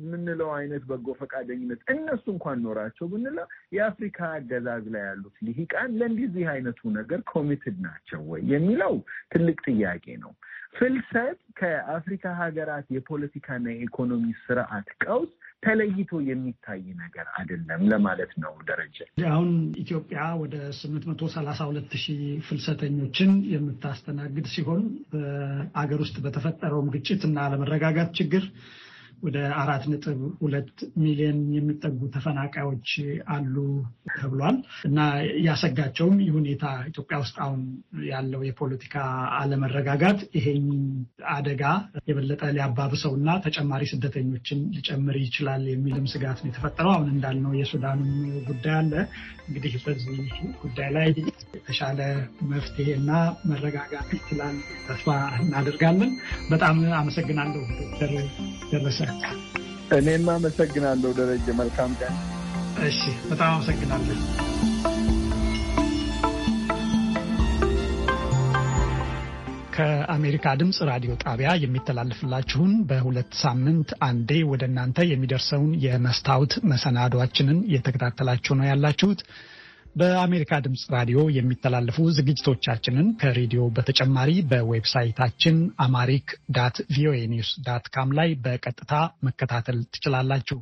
የምንለው አይነት በጎ ፈቃደኝነት እነሱ እንኳን ኖራቸው ብንለው የአፍሪካ አገዛዝ ላይ ያሉት ልሂቃን ለእንዲዚህ አይነቱ ነገር ኮሚትድ ናቸው ወይ የሚለው ትልቅ ጥያቄ ነው። ፍልሰት ከአፍሪካ ሀገራት የፖለቲካና የኢኮኖሚ ስርዓት ቀውስ ተለይቶ የሚታይ ነገር አይደለም ለማለት ነው። ደረጀ አሁን ኢትዮጵያ ወደ ስምንት መቶ ሰላሳ ሁለት ሺህ ፍልሰተኞችን የምታስተናግድ ሲሆን በአገር ውስጥ በተፈጠረውም ግጭት እና አለመረጋጋት ችግር ወደ አራት ነጥብ ሁለት ሚሊዮን የሚጠጉ ተፈናቃዮች አሉ ተብሏል እና ያሰጋቸውም ይህ ሁኔታ ኢትዮጵያ ውስጥ አሁን ያለው የፖለቲካ አለመረጋጋት ይሄን አደጋ የበለጠ ሊያባብሰው እና ተጨማሪ ስደተኞችን ሊጨምር ይችላል የሚልም ስጋት ነው የተፈጠረው። አሁን እንዳልነው የሱዳንም ጉዳይ አለ። እንግዲህ በዚህ ጉዳይ ላይ የተሻለ መፍትሄ እና መረጋጋት ይችላል ተስፋ እናደርጋለን። በጣም አመሰግናለሁ ደረሰ። እኔም አመሰግናለሁ ደረጀ። መልካም ቀን። እሺ፣ በጣም አመሰግናለሁ። ከአሜሪካ ድምፅ ራዲዮ ጣቢያ የሚተላለፍላችሁን በሁለት ሳምንት አንዴ ወደ እናንተ የሚደርሰውን የመስታወት መሰናዷችንን እየተከታተላችሁ ነው ያላችሁት። በአሜሪካ ድምፅ ራዲዮ የሚተላለፉ ዝግጅቶቻችንን ከሬዲዮ በተጨማሪ በዌብሳይታችን አማሪክ ዳት ቪኦኤ ኒውስ ዳት ካም ላይ በቀጥታ መከታተል ትችላላችሁ።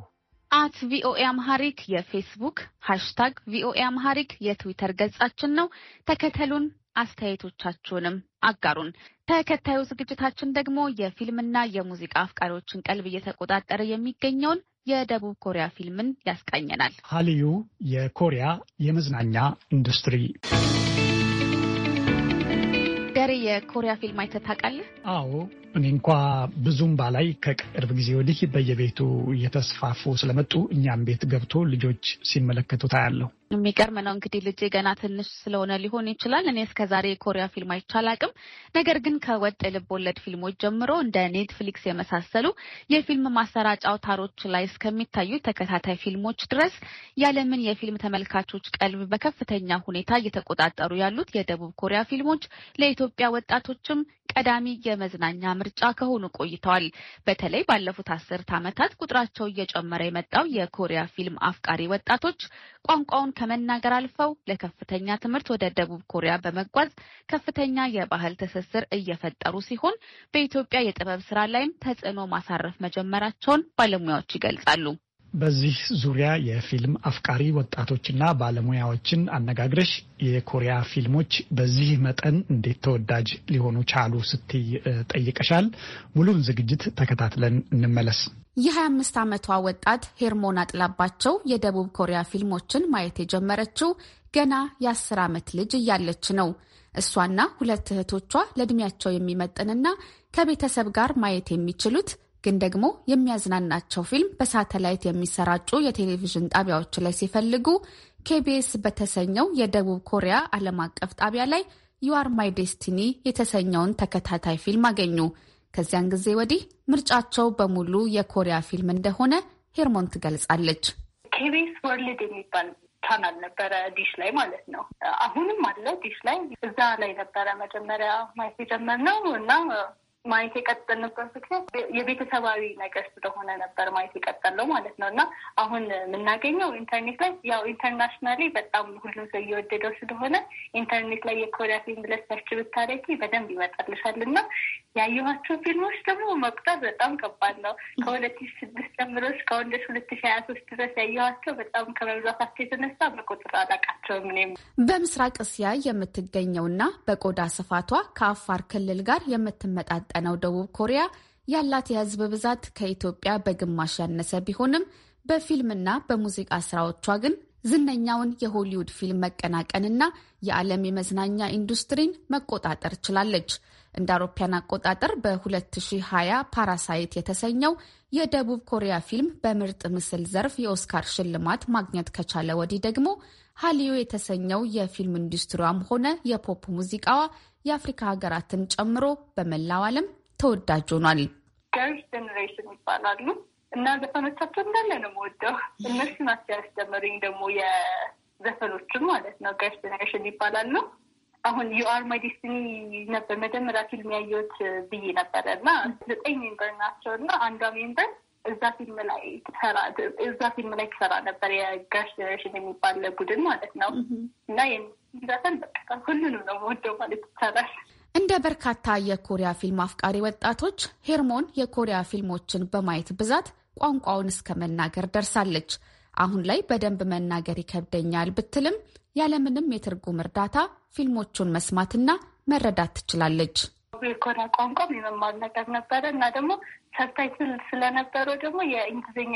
አት ቪኦኤ አምሃሪክ የፌስቡክ ሃሽታግ ቪኦኤ አምሃሪክ የትዊተር ገጻችን ነው። ተከተሉን፣ አስተያየቶቻችሁንም አጋሩን። ተከታዩ ዝግጅታችን ደግሞ የፊልምና የሙዚቃ አፍቃሪዎችን ቀልብ እየተቆጣጠረ የሚገኘውን የደቡብ ኮሪያ ፊልምን ያስቃኘናል። ሀልዩ የኮሪያ የመዝናኛ ኢንዱስትሪ ገሪ፣ የኮሪያ ፊልም አይተህ ታውቃለህ? አዎ እኔ እንኳ ብዙም ባላይ ከቅርብ ጊዜ ወዲህ በየቤቱ እየተስፋፉ ስለመጡ እኛም ቤት ገብቶ ልጆች ሲመለከቱ ታያለሁ። የሚገርም ነው እንግዲህ ልጄ ገና ትንሽ ስለሆነ ሊሆን ይችላል። እኔ እስከ ዛሬ የኮሪያ ፊልም አይቻላቅም ነገር ግን ከወጥ የልብ ወለድ ፊልሞች ጀምሮ እንደ ኔትፍሊክስ የመሳሰሉ የፊልም ማሰራጫ አውታሮች ላይ እስከሚታዩ ተከታታይ ፊልሞች ድረስ ያለምን የፊልም ተመልካቾች ቀልብ በከፍተኛ ሁኔታ እየተቆጣጠሩ ያሉት የደቡብ ኮሪያ ፊልሞች ለኢትዮጵያ ወጣቶችም ቀዳሚ የመዝናኛ ምርጫ ከሆኑ ቆይተዋል። በተለይ ባለፉት አስርት ዓመታት ቁጥራቸው እየጨመረ የመጣው የኮሪያ ፊልም አፍቃሪ ወጣቶች ቋንቋውን ከመናገር አልፈው ለከፍተኛ ትምህርት ወደ ደቡብ ኮሪያ በመጓዝ ከፍተኛ የባህል ትስስር እየፈጠሩ ሲሆን በኢትዮጵያ የጥበብ ስራ ላይም ተጽዕኖ ማሳረፍ መጀመራቸውን ባለሙያዎች ይገልጻሉ። በዚህ ዙሪያ የፊልም አፍቃሪ ወጣቶችና ባለሙያዎችን አነጋግረሽ የኮሪያ ፊልሞች በዚህ መጠን እንዴት ተወዳጅ ሊሆኑ ቻሉ ስትይ ጠይቀሻል። ሙሉን ዝግጅት ተከታትለን እንመለስ። የ25 ዓመቷ ወጣት ሄርሞን አጥላባቸው የደቡብ ኮሪያ ፊልሞችን ማየት የጀመረችው ገና የ10 ዓመት ልጅ እያለች ነው። እሷና ሁለት እህቶቿ ለእድሜያቸው የሚመጥንና ከቤተሰብ ጋር ማየት የሚችሉት ግን ደግሞ የሚያዝናናቸው ፊልም በሳተላይት የሚሰራጩ የቴሌቪዥን ጣቢያዎች ላይ ሲፈልጉ ኬቢኤስ በተሰኘው የደቡብ ኮሪያ ዓለም አቀፍ ጣቢያ ላይ ዩአር ማይ ዴስቲኒ የተሰኘውን ተከታታይ ፊልም አገኙ። ከዚያን ጊዜ ወዲህ ምርጫቸው በሙሉ የኮሪያ ፊልም እንደሆነ ሄርሞን ትገልጻለች። ኬቢኤስ ወርልድ የሚባል ቻናል ነበረ፣ ዲሽ ላይ ማለት ነው። አሁንም አለ ዲሽ ላይ። እዛ ላይ ነበረ መጀመሪያ ማየት የጀመርነው እና ማየት የቀጠልንበት ምክንያት የቤተሰባዊ ነገር ስለሆነ ነበር ማየት የቀጠለው ማለት ነው። እና አሁን የምናገኘው ኢንተርኔት ላይ ያው ኢንተርናሽናሊ በጣም ሁሉም ሰው እየወደደው ስለሆነ ኢንተርኔት ላይ የኮሪያ ፊልም ብለሽ ሰርች ብታደርጊ በደንብ ይመጣልሻል። እና ያየኋቸው ፊልሞች ደግሞ መቁጠር በጣም ከባድ ነው። ከሁለት ሺ ስድስት ጀምሮ ከወንዶች ሁለት ሺ ሀያ ሶስት ድረስ ያየኋቸው በጣም ከመብዛታቸው የተነሳ በቁጥር አላቃቸውም። እኔም በምስራቅ እስያ የምትገኘውና በቆዳ ስፋቷ ከአፋር ክልል ጋር የምትመጣጠ የምትቀነው ደቡብ ኮሪያ ያላት የህዝብ ብዛት ከኢትዮጵያ በግማሽ ያነሰ ቢሆንም በፊልምና በሙዚቃ ስራዎቿ ግን ዝነኛውን የሆሊውድ ፊልም መቀናቀንና የዓለም የመዝናኛ ኢንዱስትሪን መቆጣጠር ችላለች። እንደ አውሮፓያን አቆጣጠር በ2020 ፓራሳይት የተሰኘው የደቡብ ኮሪያ ፊልም በምርጥ ምስል ዘርፍ የኦስካር ሽልማት ማግኘት ከቻለ ወዲህ ደግሞ ሀሊዮ የተሰኘው የፊልም ኢንዱስትሪዋም ሆነ የፖፕ ሙዚቃዋ የአፍሪካ ሀገራትን ጨምሮ በመላው ዓለም ተወዳጅ ሆኗል። ገርልስ ጀኔሬሽን ይባላሉ እና ዘፈኖቻቸው እንዳለ ነው የምወደው። እነሱ ናቸው ያስጀመሩኝ ደግሞ የዘፈኖችም ማለት ነው። ገርልስ ጀኔሬሽን ይባላሉ። አሁን ዩአር ማይ ዴስቲኒ ነበር መጀመሪያ ፊልም ያየሁት ብዬ ነበረ እና ዘጠኝ ሜምበር ናቸው እና አንዷ ሜምበር እዛ ፊልም ላይ ትሰራ እዛ ፊልም ላይ ትሰራ ነበር የገርልስ ጀኔሬሽን የሚባል ቡድን ማለት ነው እና ዘፈን በቃ ሁሉንም ነው መወደው ማለት ይቻላል። እንደ በርካታ የኮሪያ ፊልም አፍቃሪ ወጣቶች ሄርሞን የኮሪያ ፊልሞችን በማየት ብዛት ቋንቋውን እስከ መናገር ደርሳለች። አሁን ላይ በደንብ መናገር ይከብደኛል ብትልም ያለምንም የትርጉም እርዳታ ፊልሞቹን መስማትና መረዳት ትችላለች። የኮሪያ ቋንቋም የመማር ነገር ነበረ እና ደግሞ ሰብታይትል ስለነበረው ደግሞ የእንግሊዝኛ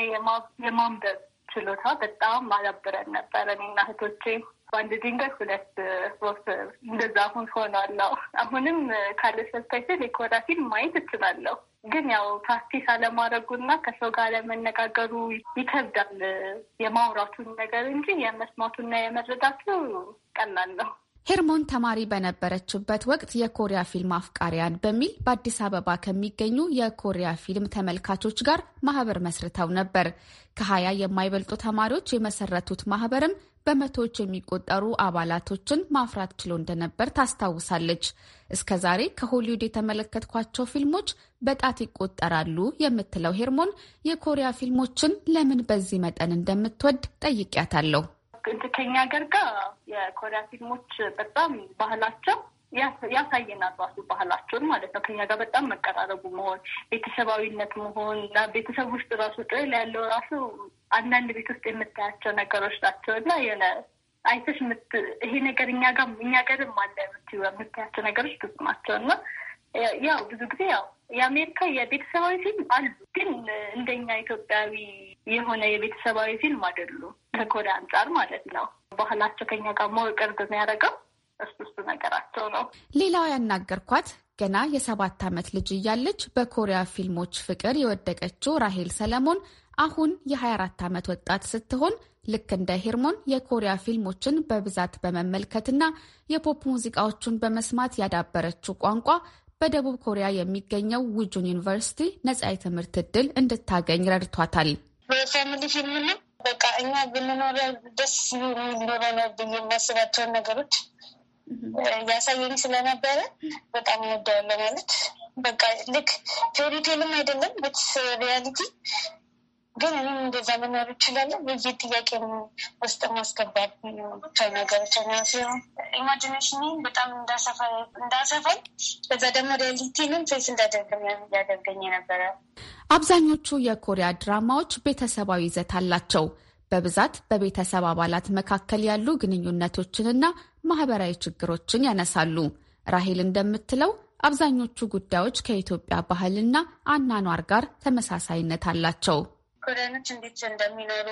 የማንበብ ችሎታ በጣም አዳብረን ነበረ እኔና እህቶቼ በአንድ ድንገት ሁለት ሶስት እንደዛ አሁን ሆኗለው። አሁንም ካለ ሰብታይትል ፊልም ማየት እችላለሁ፣ ግን ያው ፕራክቲስ አለማድረጉና ከሰው ጋር ለመነጋገሩ ይከብዳል። የማውራቱን ነገር እንጂ የመስማቱና የመረዳቱ ቀላል ነው። ሄርሞን ተማሪ በነበረችበት ወቅት የኮሪያ ፊልም አፍቃሪያን በሚል በአዲስ አበባ ከሚገኙ የኮሪያ ፊልም ተመልካቾች ጋር ማህበር መስርተው ነበር። ከሀያ የማይበልጡ ተማሪዎች የመሰረቱት ማህበርም በመቶዎች የሚቆጠሩ አባላቶችን ማፍራት ችሎ እንደነበር ታስታውሳለች። እስከ ዛሬ ከሆሊውድ የተመለከትኳቸው ፊልሞች በጣት ይቆጠራሉ የምትለው ሄርሞን የኮሪያ ፊልሞችን ለምን በዚህ መጠን እንደምትወድ ጠይቂያታለሁ። ከኛ ሀገር ጋር የኮሪያ ፊልሞች በጣም ባህላቸው ያሳየናል ራሱ ባህላቸውን ማለት ነው። ከኛ ጋር በጣም መቀራረቡ መሆን ቤተሰባዊነት መሆን እና ቤተሰብ ውስጥ ራሱ ጥል ያለው ራሱ አንዳንድ ቤት ውስጥ የምታያቸው ነገሮች ናቸው እና የሆነ አይተሽ ይሄ ነገር እኛ ጋር እኛ ጋርም አለ የምታያቸው ነገሮች ብዙ ናቸው እና ያው ብዙ ጊዜ ያው የአሜሪካ የቤተሰባዊ ፊልም አሉ፣ ግን እንደኛ ኢትዮጵያዊ የሆነ የቤተሰባዊ ፊልም አይደሉም። ከኮሪያ አንጻር ማለት ነው ባህላቸው ከኛ ጋር ሞር ቅርብ ያደረገው እሱ ነገራቸው ነው። ሌላው ያናገርኳት ገና የሰባት ዓመት ልጅ እያለች በኮሪያ ፊልሞች ፍቅር የወደቀችው ራሄል ሰለሞን አሁን የ24 ዓመት ወጣት ስትሆን ልክ እንደ ሄርሞን የኮሪያ ፊልሞችን በብዛት በመመልከትና የፖፕ ሙዚቃዎቹን በመስማት ያዳበረችው ቋንቋ በደቡብ ኮሪያ የሚገኘው ውጁን ዩኒቨርሲቲ ነጻ የትምህርት እድል እንድታገኝ ረድቷታል። በፋሚሊ በቃ እኛ ብንኖረ ደስ የሚል ኖረ ነው ብዬ ነገሮች ያሳየኝ ስለነበረ በጣም ወደዋለሁ። ማለት በቃ ልክ ፌሪቴልም አይደለም በት ሪያሊቲ ግን እኔም እንደዛ መኖር እችላለሁ። በዚህ ጥያቄ ውስጥ ማስገባት ብቻ ነገሮች ነ ሲሆን ኢማጂኔሽን በጣም እንዳሰፋል በዛ ደግሞ ሪያሊቲንም ፌስ እንዳደርግ እያደርገኝ ነበረ። አብዛኞቹ የኮሪያ ድራማዎች ቤተሰባዊ ይዘት አላቸው። በብዛት በቤተሰብ አባላት መካከል ያሉ ግንኙነቶችንና ማህበራዊ ችግሮችን ያነሳሉ። ራሄል እንደምትለው አብዛኞቹ ጉዳዮች ከኢትዮጵያ ባህልና አናኗር ጋር ተመሳሳይነት አላቸው። ኮሪያኖች እንዴት እንደሚኖሩ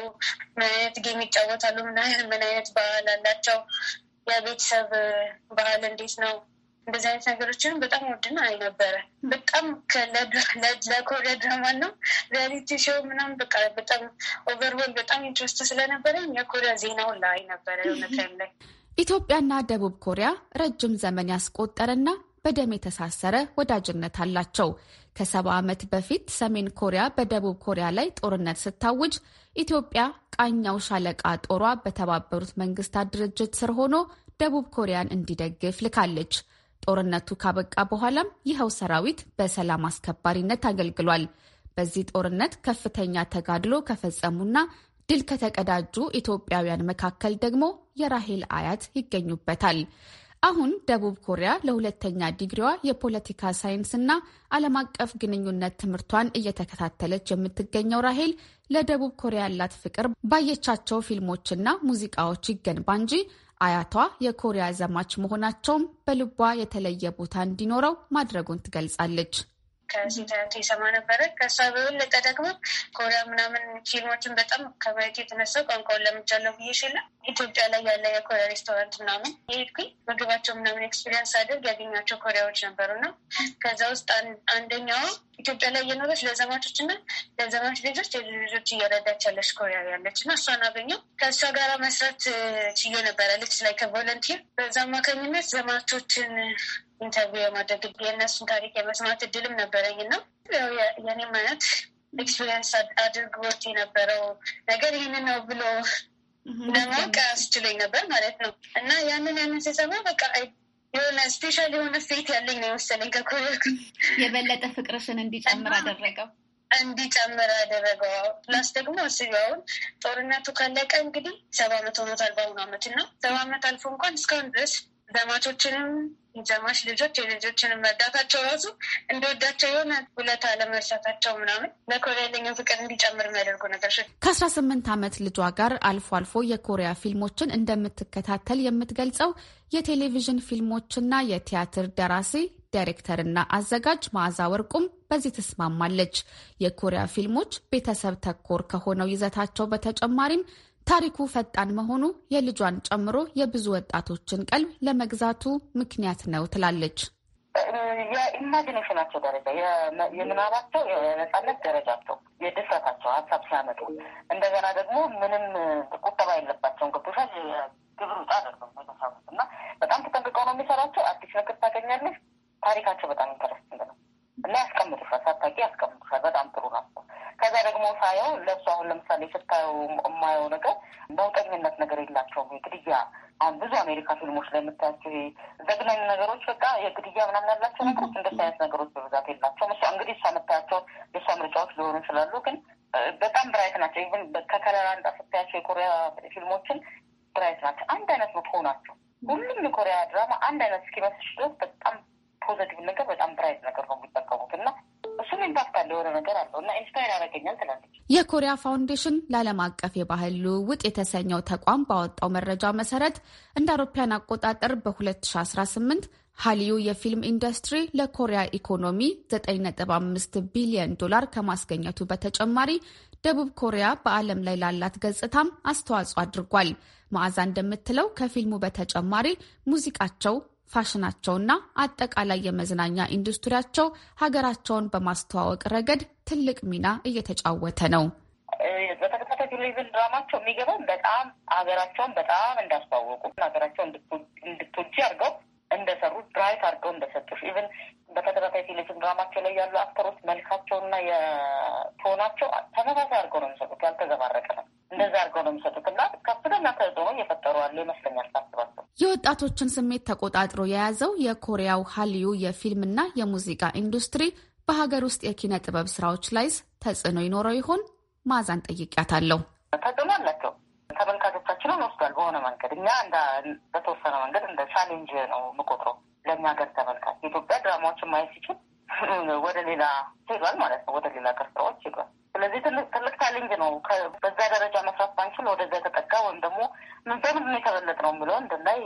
ምን አይነት ጌም ይጫወታሉ፣ ምን አይነት ባህል አላቸው፣ የቤተሰብ ባህል እንዴት ነው? እንደዚህ አይነት ነገሮችን በጣም ወድና አይነበረ በጣም ለኮሪያ ድራማ ነው ሪያሊቲ ሾው ምናም በቃ በጣም ኦቨርወል በጣም ኢንትረስት ስለነበረ የኮሪያ ዜናውን ላይ ነበረ የሆነ ታይም ላይ ኢትዮጵያና ደቡብ ኮሪያ ረጅም ዘመን ያስቆጠረና በደም የተሳሰረ ወዳጅነት አላቸው። ከሰባ ዓመት በፊት ሰሜን ኮሪያ በደቡብ ኮሪያ ላይ ጦርነት ስታውጅ ኢትዮጵያ ቃኛው ሻለቃ ጦሯ በተባበሩት መንግስታት ድርጅት ስር ሆኖ ደቡብ ኮሪያን እንዲደግፍ ልካለች። ጦርነቱ ካበቃ በኋላም ይኸው ሰራዊት በሰላም አስከባሪነት አገልግሏል። በዚህ ጦርነት ከፍተኛ ተጋድሎ ከፈጸሙና ድል ከተቀዳጁ ኢትዮጵያውያን መካከል ደግሞ የራሄል አያት ይገኙበታል። አሁን ደቡብ ኮሪያ ለሁለተኛ ዲግሪዋ የፖለቲካ ሳይንስ እና ዓለም አቀፍ ግንኙነት ትምህርቷን እየተከታተለች የምትገኘው ራሄል ለደቡብ ኮሪያ ያላት ፍቅር ባየቻቸው ፊልሞችና ሙዚቃዎች ይገንባ እንጂ አያቷ የኮሪያ ዘማች መሆናቸውም በልቧ የተለየ ቦታ እንዲኖረው ማድረጉን ትገልጻለች። ከሴት እህቴ ሰማ ነበረ። ከእሷ በበለጠ ደግሞ ኮሪያ ምናምን ፊልሞችን በጣም ከማየት የተነሳ ቋንቋውን ለምጃለሁ ብዬ ሽላ ኢትዮጵያ ላይ ያለ የኮሪያ ሬስቶራንት ምናምን የሄድኩኝ ምግባቸው ምናምን ኤክስፒሪንስ አድርግ ያገኛቸው ኮሪያዎች ነበሩ ነበሩና ከዛ ውስጥ አንደኛው ኢትዮጵያ ላይ እየኖረች ለዘማቾች እና ለዘማች ልጆች ልጆች እየረዳች ያለች ኮሪያ ያለች እና እሷን አገኘው ከእሷ ጋር መስራት ችዬ ነበረ ልች ላይ ከቮለንቲር በዛ አማካኝነት ዘማቾችን ኢንተርቪው የማድረግ የእነሱን ታሪክ የመስማት እድልም ነበረኝ እና የኔም አይነት ኤክስፒሪየንስ አድርጎት የነበረው ነገር ይህንን ነው ብሎ ለማወቅ አስችሎኝ ነበር ማለት ነው እና ያንን ያንን ስሰማ በቃ የሆነ ስፔሻል የሆነ ፌት ያለኝ ነው የመሰለኝ ከኮሪያ የበለጠ ፍቅርሽን እንዲጨምር አደረገው እንዲጨምር ያደረገው ፕላስ ደግሞ እስያውን ጦርነቱ ካለቀ እንግዲህ ሰባ አመት ሆኖታል በአሁኑ አመት እና ሰባ አመት አልፎ እንኳን እስካሁን ድረስ ዘማቾችንም ጀማሽ ልጆች የልጆችን መርዳታቸው ራሱ እንደወዳቸው የሆነ ሁለት አለመርሳታቸው ምናምን ለኮሪያ ያለኝ ፍቅር እንዲጨምር የሚያደርጉ ነገር ከአስራ ስምንት ዓመት ልጇ ጋር አልፎ አልፎ የኮሪያ ፊልሞችን እንደምትከታተል የምትገልጸው የቴሌቪዥን ፊልሞችና የቲያትር ደራሲ ዳይሬክተርና አዘጋጅ መዓዛ ወርቁም በዚህ ትስማማለች። የኮሪያ ፊልሞች ቤተሰብ ተኮር ከሆነው ይዘታቸው በተጨማሪም ታሪኩ ፈጣን መሆኑ የልጇን ጨምሮ የብዙ ወጣቶችን ቀልብ ለመግዛቱ ምክንያት ነው ትላለች። የኢማጂኔሽናቸው ደረጃ የምናባቸው የነጻነት ደረጃቸው የድፍረታቸው ሀሳብ ሲያመጡ እንደገና ደግሞ ምንም ቁጠባ የለባቸውን ግብሻል ግብር ውጣ አደርገው ቤተሰቡ እና በጣም ተጠንቅቀው ነው የሚሰራቸው። አዲስ ምክር ታገኛለች። ታሪካቸው በጣም ኢንተረስቲንግ ነው። እና ያስቀምጡሻል፣ ሳታውቂ ያስቀምጡሻል። በጣም ጥሩ ናቸው። ከዛ ደግሞ ሳየው ለእሱ አሁን ለምሳሌ ስታየው የማየው ነገር ነውጠኝነት ነገር የላቸውም። የግድያ አሁን ብዙ አሜሪካ ፊልሞች ላይ የምታያቸው ይሄ ዘግናኝ ነገሮች በቃ የግድያ ምናምን ያላቸው ነገሮች እንደሱ አይነት ነገሮች በብዛት የላቸውም። እሷ እንግዲህ እሷ የምታያቸው የእሷ ምርጫዎች ሊሆኑ ይችላሉ፣ ግን በጣም ብራይት ናቸው። ኢቭን ከከለር አንጻር ስታያቸው የኮሪያ ፊልሞችን ብራይት ናቸው። አንድ አይነት መጥፎ ናቸው። ሁሉም የኮሪያ ድራማ አንድ አይነት እስኪመስልሽ ድረስ በጣም ፖዘቲቭ ነገር በጣም ብራይት ነገር ነው የሚጠቀሙት እና እሱም ኢምፓክት አለ የሆነ ነገር አለው እና ኢንስፓየር ያደረገኛል ትላለች። የኮሪያ ፋውንዴሽን ለዓለም አቀፍ የባህል ልውውጥ የተሰኘው ተቋም ባወጣው መረጃ መሰረት እንደ አውሮፓያን አቆጣጠር በ2018 ሀሊዩ የፊልም ኢንዱስትሪ ለኮሪያ ኢኮኖሚ 9.5 ቢሊዮን ዶላር ከማስገኘቱ በተጨማሪ ደቡብ ኮሪያ በዓለም ላይ ላላት ገጽታም አስተዋጽኦ አድርጓል። መዓዛ እንደምትለው ከፊልሙ በተጨማሪ ሙዚቃቸው ፋሽናቸውና አጠቃላይ የመዝናኛ ኢንዱስትሪያቸው ሀገራቸውን በማስተዋወቅ ረገድ ትልቅ ሚና እየተጫወተ ነው። በተከታታይ ቴሌቪዥን ድራማቸው የሚገባው በጣም ሀገራቸውን በጣም እንዳስተዋወቁ ሀገራቸው እንድትወጂ አድርገው እንደሰሩት ብራይት አድርገው እንደሰጡሽ ኢቨን በተከታታይ ቴሌቪዥን ድራማቸው ላይ ያሉ አክተሮች መልካቸውና የቶናቸው ተመሳሳይ አድርገው ነው የሚሰጡት። ያልተዘባረቀ ነው። እንደዛ አድርገው ነው የሚሰጡት እና ከፍተኛ ተጽዕኖ እየፈጠሩ ያለ ይመስለኛል ሳስባቸው። የወጣቶችን ስሜት ተቆጣጥሮ የያዘው የኮሪያው ሀሊዩ የፊልምና የሙዚቃ ኢንዱስትሪ በሀገር ውስጥ የኪነ ጥበብ ስራዎች ላይስ ተጽዕኖ ይኖረው ይሆን? ማዛን ጠይቂያታለሁ። ተጽዕኖ አላቸው ተመልካቾቻችንን ወስዷል። በሆነ መንገድ እኛ በተወሰነ መንገድ እንደ ቻሌንጅ ነው የምቆጥረው ለእኛ ሀገር ተመልካች የኢትዮጵያ ድራማዎችን ማየት ሲችል ወደ ሌላ ሄዷል ማለት ነው። ወደ ሌላ ቅርጽዎች ሄዷል። ስለዚህ ትልቅ ቻሌንጅ ነው። በዛ ደረጃ መስራት ባንችል ወደዛ የተጠጋ ወይም ደግሞ በምንድን የተበለጥ ነው የሚለው እንድናይ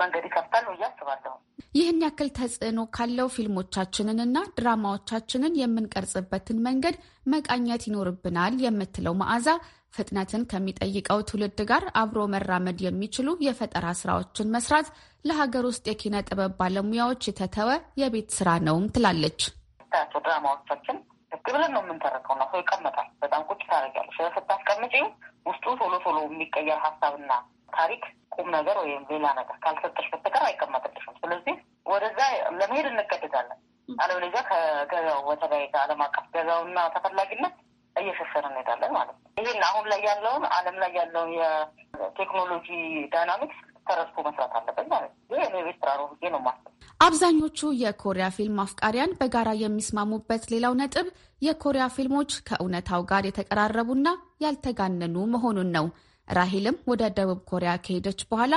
መንገድ ይከፍታል ብዬ አስባለሁ። ይህን ያክል ተጽዕኖ ካለው ፊልሞቻችንን ድራማዎቻችንን የምንቀርጽበትን መንገድ መቃኘት ይኖርብናል የምትለው መዓዛ ፍጥነትን ከሚጠይቀው ትውልድ ጋር አብሮ መራመድ የሚችሉ የፈጠራ ስራዎችን መስራት ለሀገር ውስጥ የኪነ ጥበብ ባለሙያዎች የተተወ የቤት ስራ ነውም ትላለች። ታቸው ድራማዎቻችን ህግ ብለን ነው የምንተረከው። ሰው ይቀመጣል። በጣም ቁጭ ታደርጊያለሽ። ስታስቀምጪ ውስጡ ቶሎ ቶሎ የሚቀየር ሀሳብና ታሪክ፣ ቁም ነገር ወይም ሌላ ነገር ካልሰጠሽ በስተቀር አይቀመጥልሽም። ስለዚህ ወደዛ ለመሄድ እንገደዳለን። አለበለዚያ ከገበያው በተለይ ከዓለም አቀፍ ገበያውና ተፈላጊነት እየሰፈር እንሄዳለን ማለት ነው። ይህን አሁን ላይ ያለውን ዓለም ላይ ያለውን የቴክኖሎጂ ዳይናሚክስ ተረድቶ መስራት አለበት ማለት ነው። ይህ ቤት ስራ ነው ብዬ ነው ማለት አብዛኞቹ የኮሪያ ፊልም አፍቃሪያን በጋራ የሚስማሙበት ሌላው ነጥብ የኮሪያ ፊልሞች ከእውነታው ጋር የተቀራረቡና ያልተጋነኑ መሆኑን ነው። ራሂልም ወደ ደቡብ ኮሪያ ከሄደች በኋላ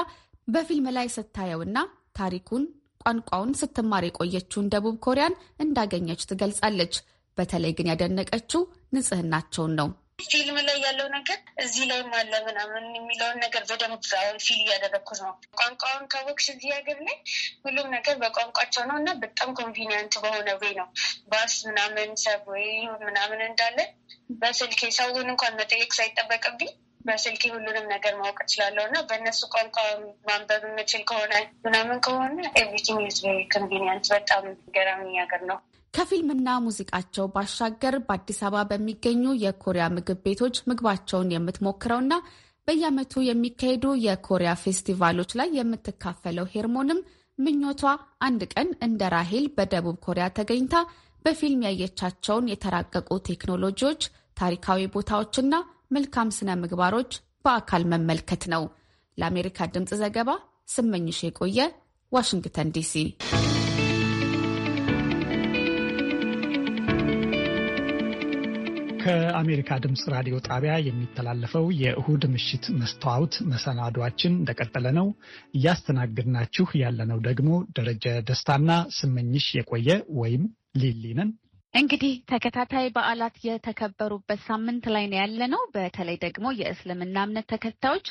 በፊልም ላይ ስታየውና ታሪኩን ቋንቋውን ስትማር የቆየችውን ደቡብ ኮሪያን እንዳገኘች ትገልጻለች። በተለይ ግን ያደነቀችው ንጽህናቸውን ነው። ፊልም ላይ ያለው ነገር እዚህ ላይም አለ ምናምን የሚለውን ነገር በደንብ ፊል እያደረግኩት ነው። ቋንቋውን ከቦክስ እዚህ ሀገር ላይ ሁሉም ነገር በቋንቋቸው ነው እና በጣም ኮንቪኒንት በሆነ ወይ ነው ባስ ምናምን ሰብዌይ ምናምን እንዳለ በስልኬ ሰውን እንኳን መጠየቅ ሳይጠበቅብኝ በስልኬ ሁሉንም ነገር ማወቅ እችላለሁ እና በእነሱ ቋንቋ ማንበብ የምችል ከሆነ ምናምን ከሆነ ኤቭሪቲንግ ኢዝ ቬሪ በጣም ገራሚ ሀገር ነው። ከፊልምና ሙዚቃቸው ባሻገር በአዲስ አበባ በሚገኙ የኮሪያ ምግብ ቤቶች ምግባቸውን የምትሞክረውና በየዓመቱ የሚካሄዱ የኮሪያ ፌስቲቫሎች ላይ የምትካፈለው ሄርሞንም ምኞቷ አንድ ቀን እንደ ራሄል በደቡብ ኮሪያ ተገኝታ በፊልም ያየቻቸውን የተራቀቁ ቴክኖሎጂዎች፣ ታሪካዊ ቦታዎችና መልካም ስነ ምግባሮች በአካል መመልከት ነው። ለአሜሪካ ድምፅ ዘገባ ስመኝሽ የቆየ ዋሽንግተን ዲሲ። ከአሜሪካ ድምፅ ራዲዮ ጣቢያ የሚተላለፈው የእሁድ ምሽት መስተዋውት መሰናዷችን እንደቀጠለ ነው። እያስተናግድናችሁ ያለነው ደግሞ ደረጀ ደስታና ስመኝሽ የቆየ ወይም ሊሊ ነን። እንግዲህ ተከታታይ በዓላት የተከበሩበት ሳምንት ላይ ነው ያለ ነው። በተለይ ደግሞ የእስልምና እምነት ተከታዮች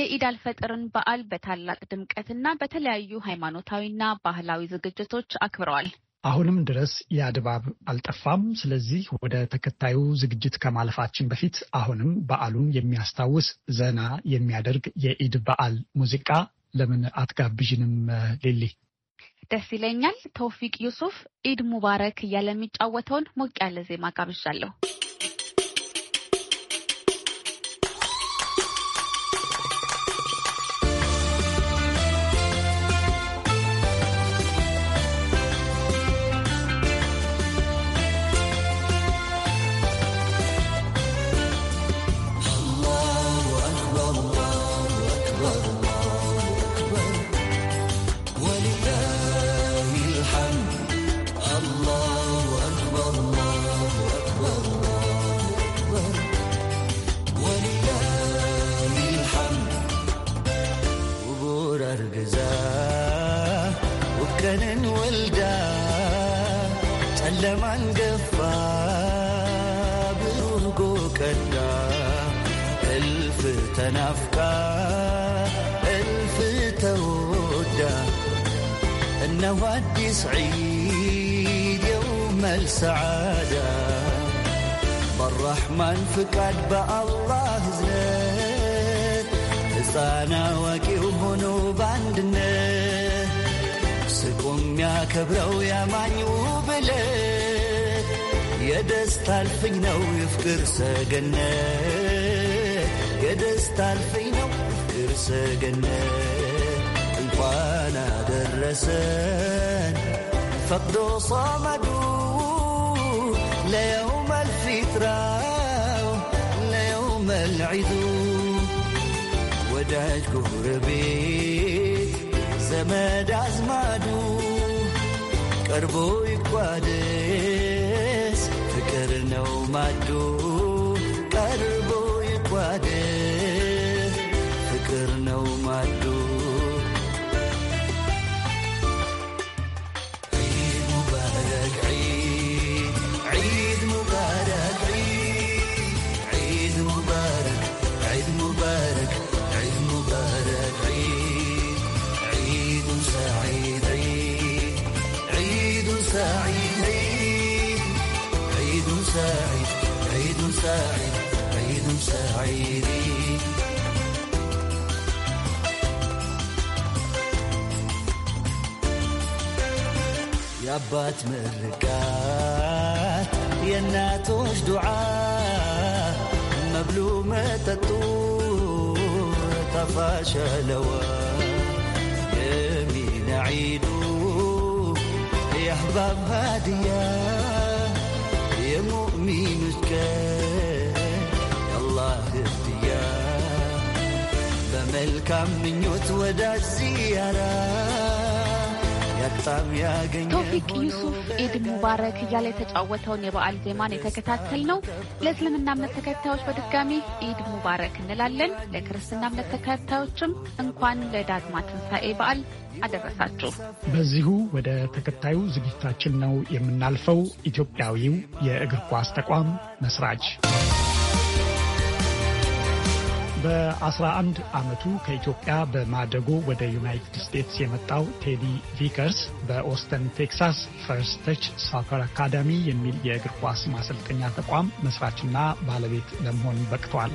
የኢዳል ፈጥርን በዓል በታላቅ ድምቀትና በተለያዩ ሃይማኖታዊና ባህላዊ ዝግጅቶች አክብረዋል። አሁንም ድረስ ያ ድባብ አልጠፋም። ስለዚህ ወደ ተከታዩ ዝግጅት ከማለፋችን በፊት አሁንም በዓሉን የሚያስታውስ ዘና የሚያደርግ የኢድ በዓል ሙዚቃ ለምን አትጋብዥንም ሌሊ? ደስ ይለኛል። ተውፊቅ ዩሱፍ ኢድ ሙባረክ እያለ የሚጫወተውን ሞቅ ያለ ዜማ ጋብዣለሁ። አልፈኝ ነው እርሰ ገነት እንኳን አደረሰን ፈቅዶ صمد ليوم الفترة ليوم العيد ወዳጅ ጎረቤት ዘመድ አዝማዱ ቀርቦ ይቋደስ ፍቅር ነው ማዱ ቀርቦ ይቋደስ وقت مرقات يا الناتوش دعاء مبلومة الطور طفاشة لواه يمين عيدو يا حباب هادية يا مؤمن كان الله اختيار بملكم من يتودى الزيارات ቶፊቅ ዩሱፍ ኤድ ሙባረክ እያለ የተጫወተውን የበዓል ዜማን የተከታተል ነው። ለእስልምና እምነት ተከታዮች በድጋሚ ኢድ ሙባረክ እንላለን። ለክርስትና እምነት ተከታዮችም እንኳን ለዳግማ ትንሣኤ በዓል አደረሳችሁ። በዚሁ ወደ ተከታዩ ዝግጅታችን ነው የምናልፈው። ኢትዮጵያዊው የእግር ኳስ ተቋም መስራች በ11 ዓመቱ ከኢትዮጵያ በማደጎ ወደ ዩናይትድ ስቴትስ የመጣው ቴዲ ቪከርስ በኦስተን ቴክሳስ ፈርስተች ሳከር አካዳሚ የሚል የእግር ኳስ ማሰልጠኛ ተቋም መስራችና ባለቤት ለመሆን በቅቷል።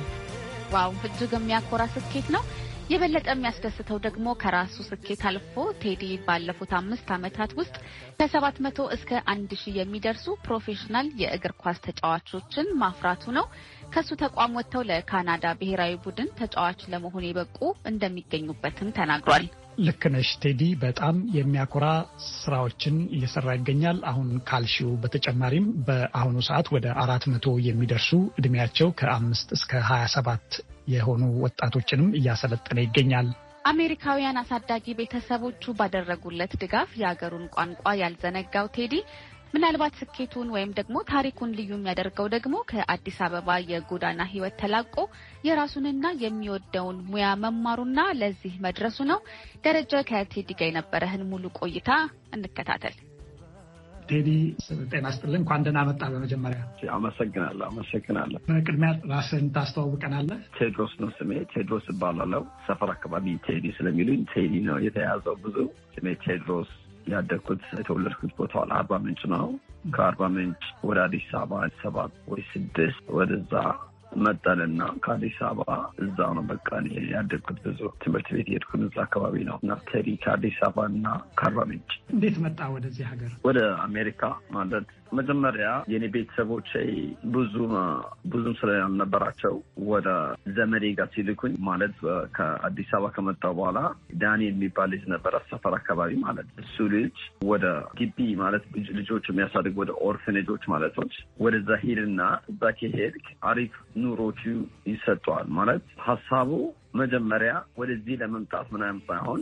ዋው! እጅግ የሚያኮራ ስኬት ነው። የበለጠ የሚያስደስተው ደግሞ ከራሱ ስኬት አልፎ ቴዲ ባለፉት አምስት ዓመታት ውስጥ ከሰባት መቶ እስከ አንድ ሺህ የሚደርሱ ፕሮፌሽናል የእግር ኳስ ተጫዋቾችን ማፍራቱ ነው። ከሱ ተቋም ወጥተው ለካናዳ ብሔራዊ ቡድን ተጫዋች ለመሆን የበቁ እንደሚገኙበትም ተናግሯል። ልክ ነሽ ቴዲ በጣም የሚያኮራ ስራዎችን እየሰራ ይገኛል። አሁን ካልሺው በተጨማሪም በአሁኑ ሰዓት ወደ አራት መቶ የሚደርሱ እድሜያቸው ከአምስት እስከ ሀያ ሰባት የሆኑ ወጣቶችንም እያሰለጠነ ይገኛል። አሜሪካውያን አሳዳጊ ቤተሰቦቹ ባደረጉለት ድጋፍ የአገሩን ቋንቋ ያልዘነጋው ቴዲ ምናልባት ስኬቱን ወይም ደግሞ ታሪኩን ልዩ የሚያደርገው ደግሞ ከአዲስ አበባ የጎዳና ሕይወት ተላቆ የራሱንና የሚወደውን ሙያ መማሩና ለዚህ መድረሱ ነው። ደረጃ ከቴዲ ጋር የነበረህን ሙሉ ቆይታ እንከታተል። ቴዲ ጤና ስጥልን። እንኳን ደህና መጣ። በመጀመሪያ አመሰግናለሁ። አመሰግናለሁ። በቅድሚያ ራስን ታስተዋውቀናለህ? ቴድሮስ ነው ስሜ። ቴድሮስ እባላለሁ። ሰፈር አካባቢ ቴዲ ስለሚሉኝ ቴዲ ነው የተያዘው ብዙ። ስሜ ቴድሮስ ያደግኩት የተወለድኩት ቦታ አርባ ምንጭ ነው። ከአርባ ምንጭ ወደ አዲስ አበባ ሰባት ወይ ስድስት ወደዛ መጠንና ከአዲስ አበባ እዛ ነው በቃ ያደግኩት። ብዙ ትምህርት ቤት የሄድኩት እዛ አካባቢ ነው እና ተሪ ከአዲስ አበባ እና ከአርባ ምንጭ። እንዴት መጣ ወደዚህ ሀገር ወደ አሜሪካ ማለት መጀመሪያ የኔ ቤተሰቦቼ ብዙ ብዙም ስለነበራቸው ወደ ዘመዴ ጋር ሲልኩኝ ማለት ከአዲስ አበባ ከመጣ በኋላ ዳኒ የሚባል ልጅ ነበረ፣ ሰፈር አካባቢ ማለት እሱ ልጅ ወደ ግቢ ማለት ልጆች የሚያሳድግ ወደ ኦርፍኔጆች ማለቶች ወደዛ ሄድና እዛ ከሄድክ አሪፍ ኑሮቹ ይሰጠዋል ማለት ሀሳቡ መጀመሪያ ወደዚህ ለመምጣት ምናምን ሳይሆን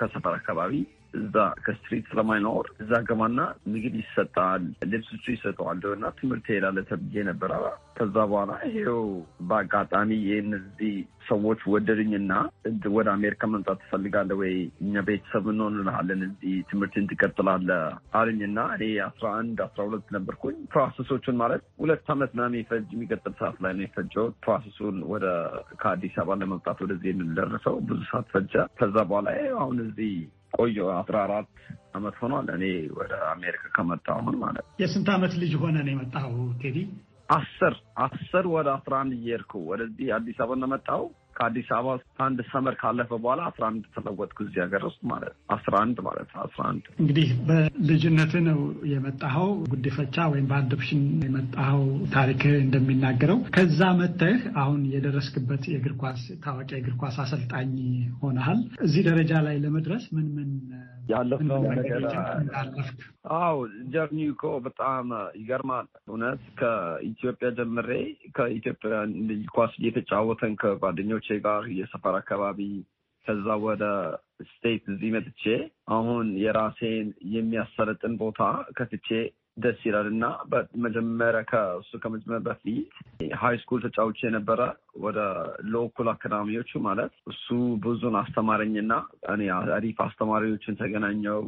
ከሰፈር አካባቢ እዛ ከስትሪት ስለማይኖር እዛ ገባና ምግብ ይሰጣል፣ ልብሶቹ ይሰጠዋል እና ትምህርት ሄዳለ ተብዬ ነበረ። ከዛ በኋላ ይሄው በአጋጣሚ የእነዚህ ሰዎች ወደድኝና ወደ አሜሪካ መምጣት ትፈልጋለ ወይ? እኛ ቤተሰብ እንሆንልሃለን፣ እዚህ ትምህርትን ትቀጥላለህ አሉኝና እኔ አስራ አንድ አስራ ሁለት ነበርኩኝ። ፕሮሰሶቹን ማለት ሁለት ዓመት ምናምን የፈጅ የሚቀጥል ሰዓት ላይ ነው የፈጀው ፕሮሰሱን ወደ ከአዲስ አበባ ለመምጣት ወደዚህ የምንደርሰው ብዙ ሰዓት ፈጀ። ከዛ በኋላ አሁን እዚህ ቆየሁ። አስራ አራት አመት ሆኗል። እኔ ወደ አሜሪካ ከመጣ አሁን ማለት የስንት አመት ልጅ ሆነ ነው የመጣው ቴዲ? አስር አስር ወደ አስራ አንድ እየሄድኩ ወደዚህ አዲስ አበባ ነው የመጣው ከአዲስ አበባ አንድ ሰመር ካለፈ በኋላ አስራ አንድ ተለወጥኩ እዚህ ሀገር ውስጥ ማለት አስራ አንድ ማለት አስራ አንድ እንግዲህ በልጅነት ነው የመጣኸው ጉዲፈቻ ወይም በአዶፕሽን የመጣኸው ታሪክ እንደሚናገረው ከዛ መተህ አሁን የደረስክበት የእግር ኳስ ታዋቂ የእግር ኳስ አሰልጣኝ ሆነሃል። እዚህ ደረጃ ላይ ለመድረስ ምን ምን ያለፍነው ነገር አዎ፣ ጀርኒ እኮ በጣም ይገርማል። እውነት ከኢትዮጵያ ጀምሬ ከኢትዮጵያ ኳስ እየተጫወተን ከጓደኞቼ ጋር የሰፈር አካባቢ ከዛ ወደ ስቴት እዚህ መጥቼ አሁን የራሴን የሚያሰለጥን ቦታ ከፍቼ ደስ ይላል እና መጀመሪያ ከእሱ ከመጀመር በፊት ሀይ ስኩል ተጫውቼ የነበረ ወደ ሎኩል አካዳሚዎቹ ማለት እሱ ብዙን አስተማረኝና እኔ አሪፍ አስተማሪዎችን ተገናኘው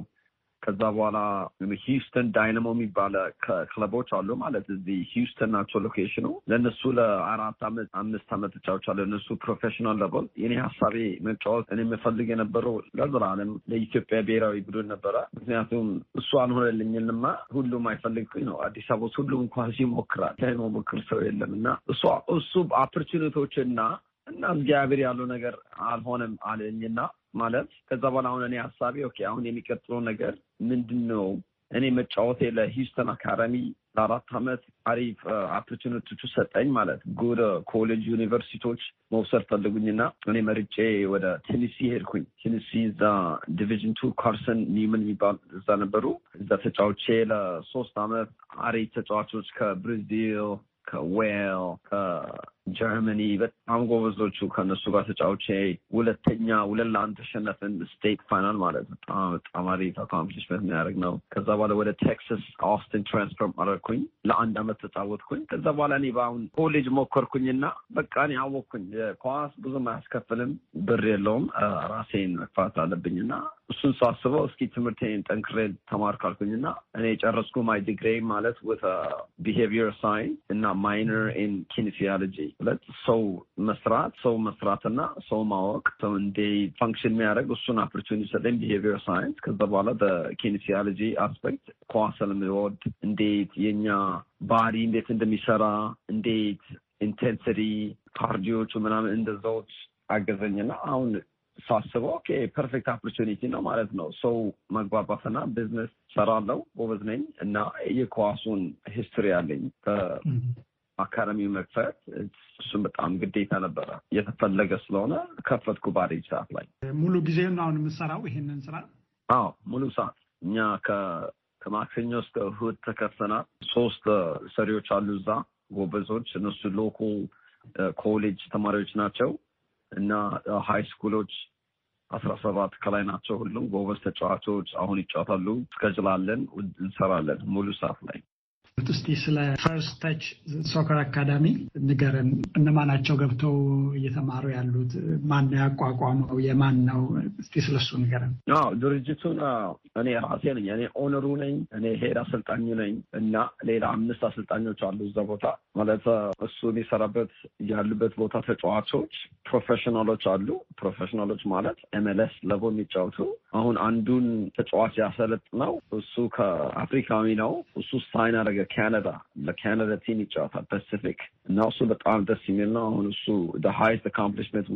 ከዛ በኋላ ሂውስተን ዳይናሞ የሚባለ ክለቦች አሉ ማለት እዚህ ሂውስተን ናቸው ሎኬሽኑ። ለእነሱ ለአራት አመት አምስት አመት እጫወታለሁ። ለእነሱ ፕሮፌሽናል ለበል እኔ ሀሳቤ መጫወት እኔ የምፈልግ የነበረው ለዘላለም ለኢትዮጵያ ብሔራዊ ቡድን ነበረ። ምክንያቱም እሱ አልሆነልኝንማ ሁሉም አይፈልግ ነው። አዲስ አበባ ውስጥ ሁሉም ኳስ ይሞክራል፣ ሞክር ሰው የለም እና እሱ እሱ ኦፖርቹኒቲዎችና እና እግዚአብሔር ያለው ነገር አልሆነም አለኝና ማለት ከዛ በኋላ አሁን እኔ ሀሳቤ ኦኬ አሁን የሚቀጥለው ነገር ምንድን ነው? እኔ መጫወቴ ለሂውስተን አካዳሚ ለአራት ዓመት አሪፍ ኦፖርቹኒቲቹ ሰጠኝ ማለት ጉድ ኮሌጅ ዩኒቨርሲቲዎች መውሰድ ፈልጉኝና እኔ መርጬ ወደ ቴኒሲ ሄድኩኝ። ቴኒሲ እዛ ዲቪዥን ቱ ካርሰን ኒውመን የሚባል እዛ ነበሩ። እዛ ተጫዋቼ ለሶስት ዓመት አሪፍ ተጫዋቾች ከብራዚል ከዌል ጀርመኒ በጣም ጎበዞቹ ከነሱ ጋር ተጫውቼ ሁለተኛ ሁለት ለአንድ ተሸነፍን። ስቴት ፋይናል ማለት በጣም በጣም አሪፍ አካምፕሊሽመንት የሚያደርግ ነው። ከዛ በኋላ ወደ ቴክሳስ አውስትን ትራንስፈር አደረግኩኝ። ለአንድ አመት ተጫወትኩኝ። ከዛ በኋላ እኔ በአሁን ኮሌጅ ሞከርኩኝና በቃ እኔ አወቅኩኝ ኳስ ብዙም አያስከፍልም፣ ብር የለውም፣ ራሴን መግፋት አለብኝና እሱን ሳስበው እስኪ ትምህርቴን ጠንክሬ ተማርካልኩኝ እና እኔ የጨረስኩ ማይ ዲግሪ ማለት ወተ ቢሄቪየር ሳይንስ እና ማይነር ኢን ኪኒሲያሎጂ ሁለት ሰው መስራት ሰው መስራትና ሰው ማወቅ ሰው ፋንክሽን የሚያደርግ እሱን ኦፖርቹኒቲ ሰጠኝ ቢሄቪየር ሳይንስ። ከዛ በኋላ በኬኒሲያሎጂ አስፔክት ኳሰል ሚወድ እንዴት የኛ ባህሪ እንዴት እንደሚሰራ እንዴት ኢንቴንሲቲ ካርዲዎቹ ምናምን እንደዛዎች አገዘኝና አሁን ሳስበው ኦኬ ፐርፌክት ኦፖርቹኒቲ ነው ማለት ነው። ሰው መግባባትና ቢዝነስ ሰራለው ጎበዝ ነኝ እና የኳሱን ሂስትሪ አለኝ አካዳሚው መክፈት እሱም በጣም ግዴታ ነበረ። የተፈለገ ስለሆነ ከፈትኩ ባሬጅ ሰዓት ላይ ሙሉ ጊዜውን አሁን የምሰራው ይሄንን ስራ። አዎ ሙሉ ሰዓት እኛ ከማክሰኞ እስከ እሁድ ተከፈናል። ሶስት ሰሪዎች አሉ እዛ ጎበዞች። እነሱ ሎኮ ኮሌጅ ተማሪዎች ናቸው እና ሀይ ስኩሎች አስራ ሰባት ከላይ ናቸው። ሁሉም ጎበዝ ተጫዋቾች አሁን ይጫወታሉ። እስከጅላለን እንሰራለን ሙሉ ሰዓት ላይ እስቲ ስለ ፈርስት ተች ሶከር አካዳሚ ንገረን። እነማ ናቸው ገብተው እየተማሩ ያሉት? ማን ነው ያቋቋመው? የማን ነው? እስቲ ስለሱ ንገረን። ድርጅቱን እኔ ራሴ ነኝ። እኔ ኦነሩ ነኝ። እኔ ሄድ አሰልጣኙ ነኝ እና ሌላ አምስት አሰልጣኞች አሉ እዛ ቦታ ማለት እሱ የሚሰራበት ያሉበት ቦታ ተጫዋቾች ፕሮፌሽናሎች አሉ። ፕሮፌሽናሎች ማለት ኤምኤልኤስ ለቦ የሚጫወቱ አሁን አንዱን ተጫዋች ያሰለጥ ነው እሱ ከአፍሪካዊ ነው። እሱ ሳይን አደረገ ካናዳ ለካናዳ ቲም ይጫወታል ፓሲፊክ እና እሱ በጣም ደስ የሚል ነው። አሁን እሱ ሃይስት አካምፕሊሽመንት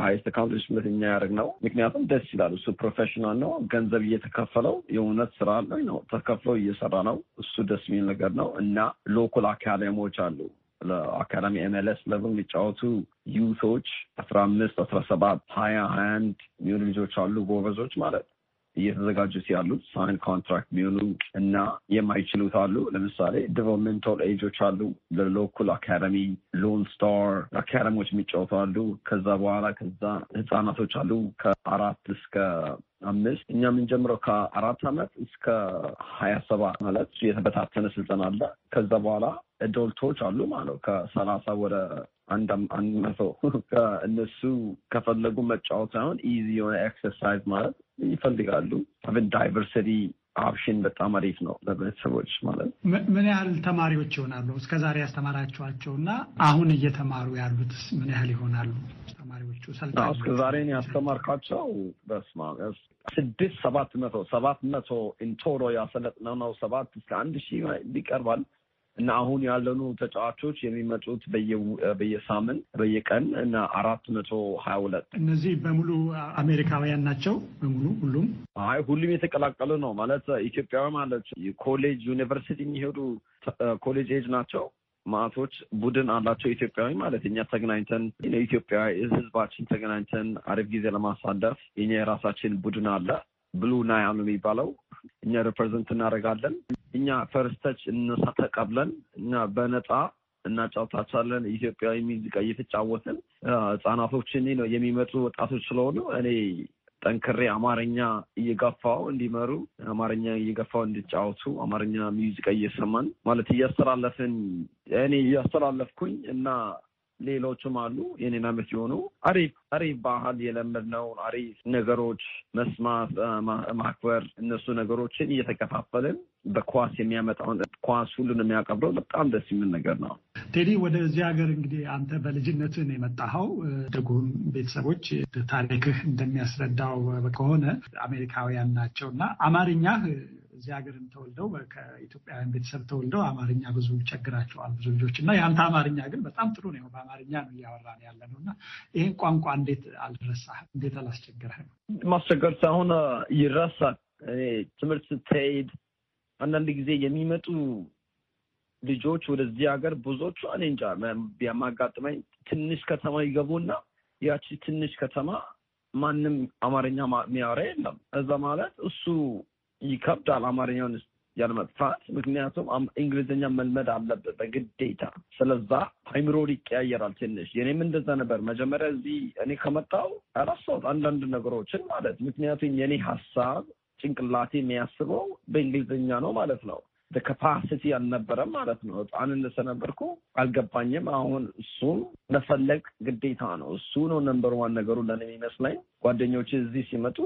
ሃይስት አካምፕሊሽመንት እኛ ያደርግ ነው። ምክንያቱም ደስ ይላል። እሱ ፕሮፌሽናል ነው። ገንዘብ እየተከ የተከፈለው የእውነት ስራ አለ ነው ተከፍሎ እየሰራ ነው። እሱ ደስ የሚል ነገር ነው እና ሎኮል አካዳሚዎች አሉ ለአካዳሚ ኤምኤልኤስ ለብል የሚጫወቱ ዩቶች አስራ አምስት አስራ ሰባት ሀያ ሀያ አንድ የሚሆኑ ልጆች አሉ ጎበዞች ማለት እየተዘጋጁት ያሉት ሳይን ኮንትራክት የሚሆኑ እና የማይችሉት አሉ። ለምሳሌ ዲቨሎፕመንታል ኤጆች አሉ። ለሎኩል አካደሚ፣ ሎን ስታር አካደሚዎች የሚጫወቱ አሉ። ከዛ በኋላ ከዛ ህጻናቶች አሉ ከአራት እስከ አምስት እኛ የምንጀምረው ከአራት አመት እስከ ሀያ ሰባት ማለት የተበታተነ ስልጠና አለ። ከዛ በኋላ አዶልቶች አሉ ማለት ነው ከሰላሳ ወደ አንድ አንድ መቶ [laughs] እነሱ ከፈለጉ መጫወት ሳይሆን ኢዚ የሆነ ኤክሰርሳይዝ ማለት ይፈልጋሉ። ብን ዳይቨርሲቲ ኦፕሽን በጣም አሪፍ ነው ለቤተሰቦች ማለት። ምን ያህል ተማሪዎች ይሆናሉ እስከዛሬ ያስተማራችኋቸው እና አሁን እየተማሩ ያሉት ምን ያህል ይሆናሉ? ተማሪዎቹ እስከዛሬን ያስተማርካቸው በስማ ስድስት ሰባት መቶ ሰባት መቶ ኢንቶሮ ያሰለጥነው ነው ሰባት እስከ አንድ ሺህ ይቀርባል። እና አሁን ያለኑ ተጫዋቾች የሚመጡት በየሳምንት በየቀን እና አራት መቶ ሀያ ሁለት እነዚህ በሙሉ አሜሪካውያን ናቸው። በሙሉ ሁሉም አይ ሁሉም የተቀላቀሉ ነው ማለት ኢትዮጵያዊ ማለት ኮሌጅ ዩኒቨርሲቲ የሚሄዱ ኮሌጅ ኤጅ ናቸው። ማቶች ቡድን አላቸው ኢትዮጵያዊ ማለት እኛ ተገናኝተን ኢትዮጵያ ህዝባችን ተገናኝተን አሪፍ ጊዜ ለማሳለፍ የኛ የራሳችን ቡድን አለ ብሉ ናይል የሚባለው እኛ ሪፕሬዘንት እናደርጋለን። እኛ ፈርስተች እነሳ ተቀብለን እኛ በነፃ እናጫውታቻለን። ኢትዮጵያዊ ሙዚቃ እየተጫወትን ህጻናቶችን ነው የሚመጡ ወጣቶች ስለሆኑ እኔ ጠንክሬ አማርኛ እየገፋው እንዲመሩ አማርኛ እየገፋው እንዲጫወቱ አማርኛ ሙዚቃ እየሰማን ማለት እያስተላለፍን እኔ እያስተላለፍኩኝ እና ሌሎችም አሉ የኔ ናመት የሆኑ አሪፍ አሪፍ ባህል የለመድነው አሪፍ ነገሮች መስማት፣ ማክበር እነሱ ነገሮችን እየተከፋፈልን በኳስ የሚያመጣውን ኳስ ሁሉን የሚያቀብረው በጣም ደስ የሚል ነገር ነው። ቴዲ ወደዚህ ሀገር እንግዲህ አንተ በልጅነትን የመጣኸው ደጉም ቤተሰቦች ታሪክህ እንደሚያስረዳው ከሆነ አሜሪካውያን ናቸው እና አማርኛህ እዚህ ሀገርም ተወልደው ከኢትዮጵያውያን ቤተሰብ ተወልደው አማርኛ ብዙ ይቸግራቸዋል ብዙ ልጆች እና የአንተ አማርኛ ግን በጣም ጥሩ ነው። በአማርኛ ነው እያወራን ያለ ነው እና ይህን ቋንቋ እንዴት አልረሳህም? እንዴት አላስቸገረህም? ማስቸገር ሳይሆን ይረሳል። ትምህርት ስትሄድ አንዳንድ ጊዜ የሚመጡ ልጆች ወደዚህ ሀገር ብዙዎቹ እኔ እንጃ የማጋጥመኝ ትንሽ ከተማ ይገቡና ያቺ ትንሽ ከተማ ማንም አማርኛ የሚያወራ የለም። እዛ ማለት እሱ ይከብዳል አማርኛውን ያለመጥፋት ምክንያቱም እንግሊዝኛ መልመድ አለበት በግዴታ። ስለዛ አይምሮ ይቀያየራል ትንሽ። የኔም እንደዛ ነበር መጀመሪያ እዚህ እኔ ከመጣው አላሳሁት አንዳንድ ነገሮችን ማለት ምክንያቱም የኔ ሀሳብ ጭንቅላቴ የሚያስበው በእንግሊዝኛ ነው ማለት ነው። ካፓሲቲ አልነበረም ማለት ነው። ህፃን እንደተነበርኩ አልገባኝም። አሁን እሱን መፈለግ ግዴታ ነው። እሱ ነው ነንበር ዋን ነገሩ ለእኔ የሚመስለኝ ጓደኞች እዚህ ሲመጡ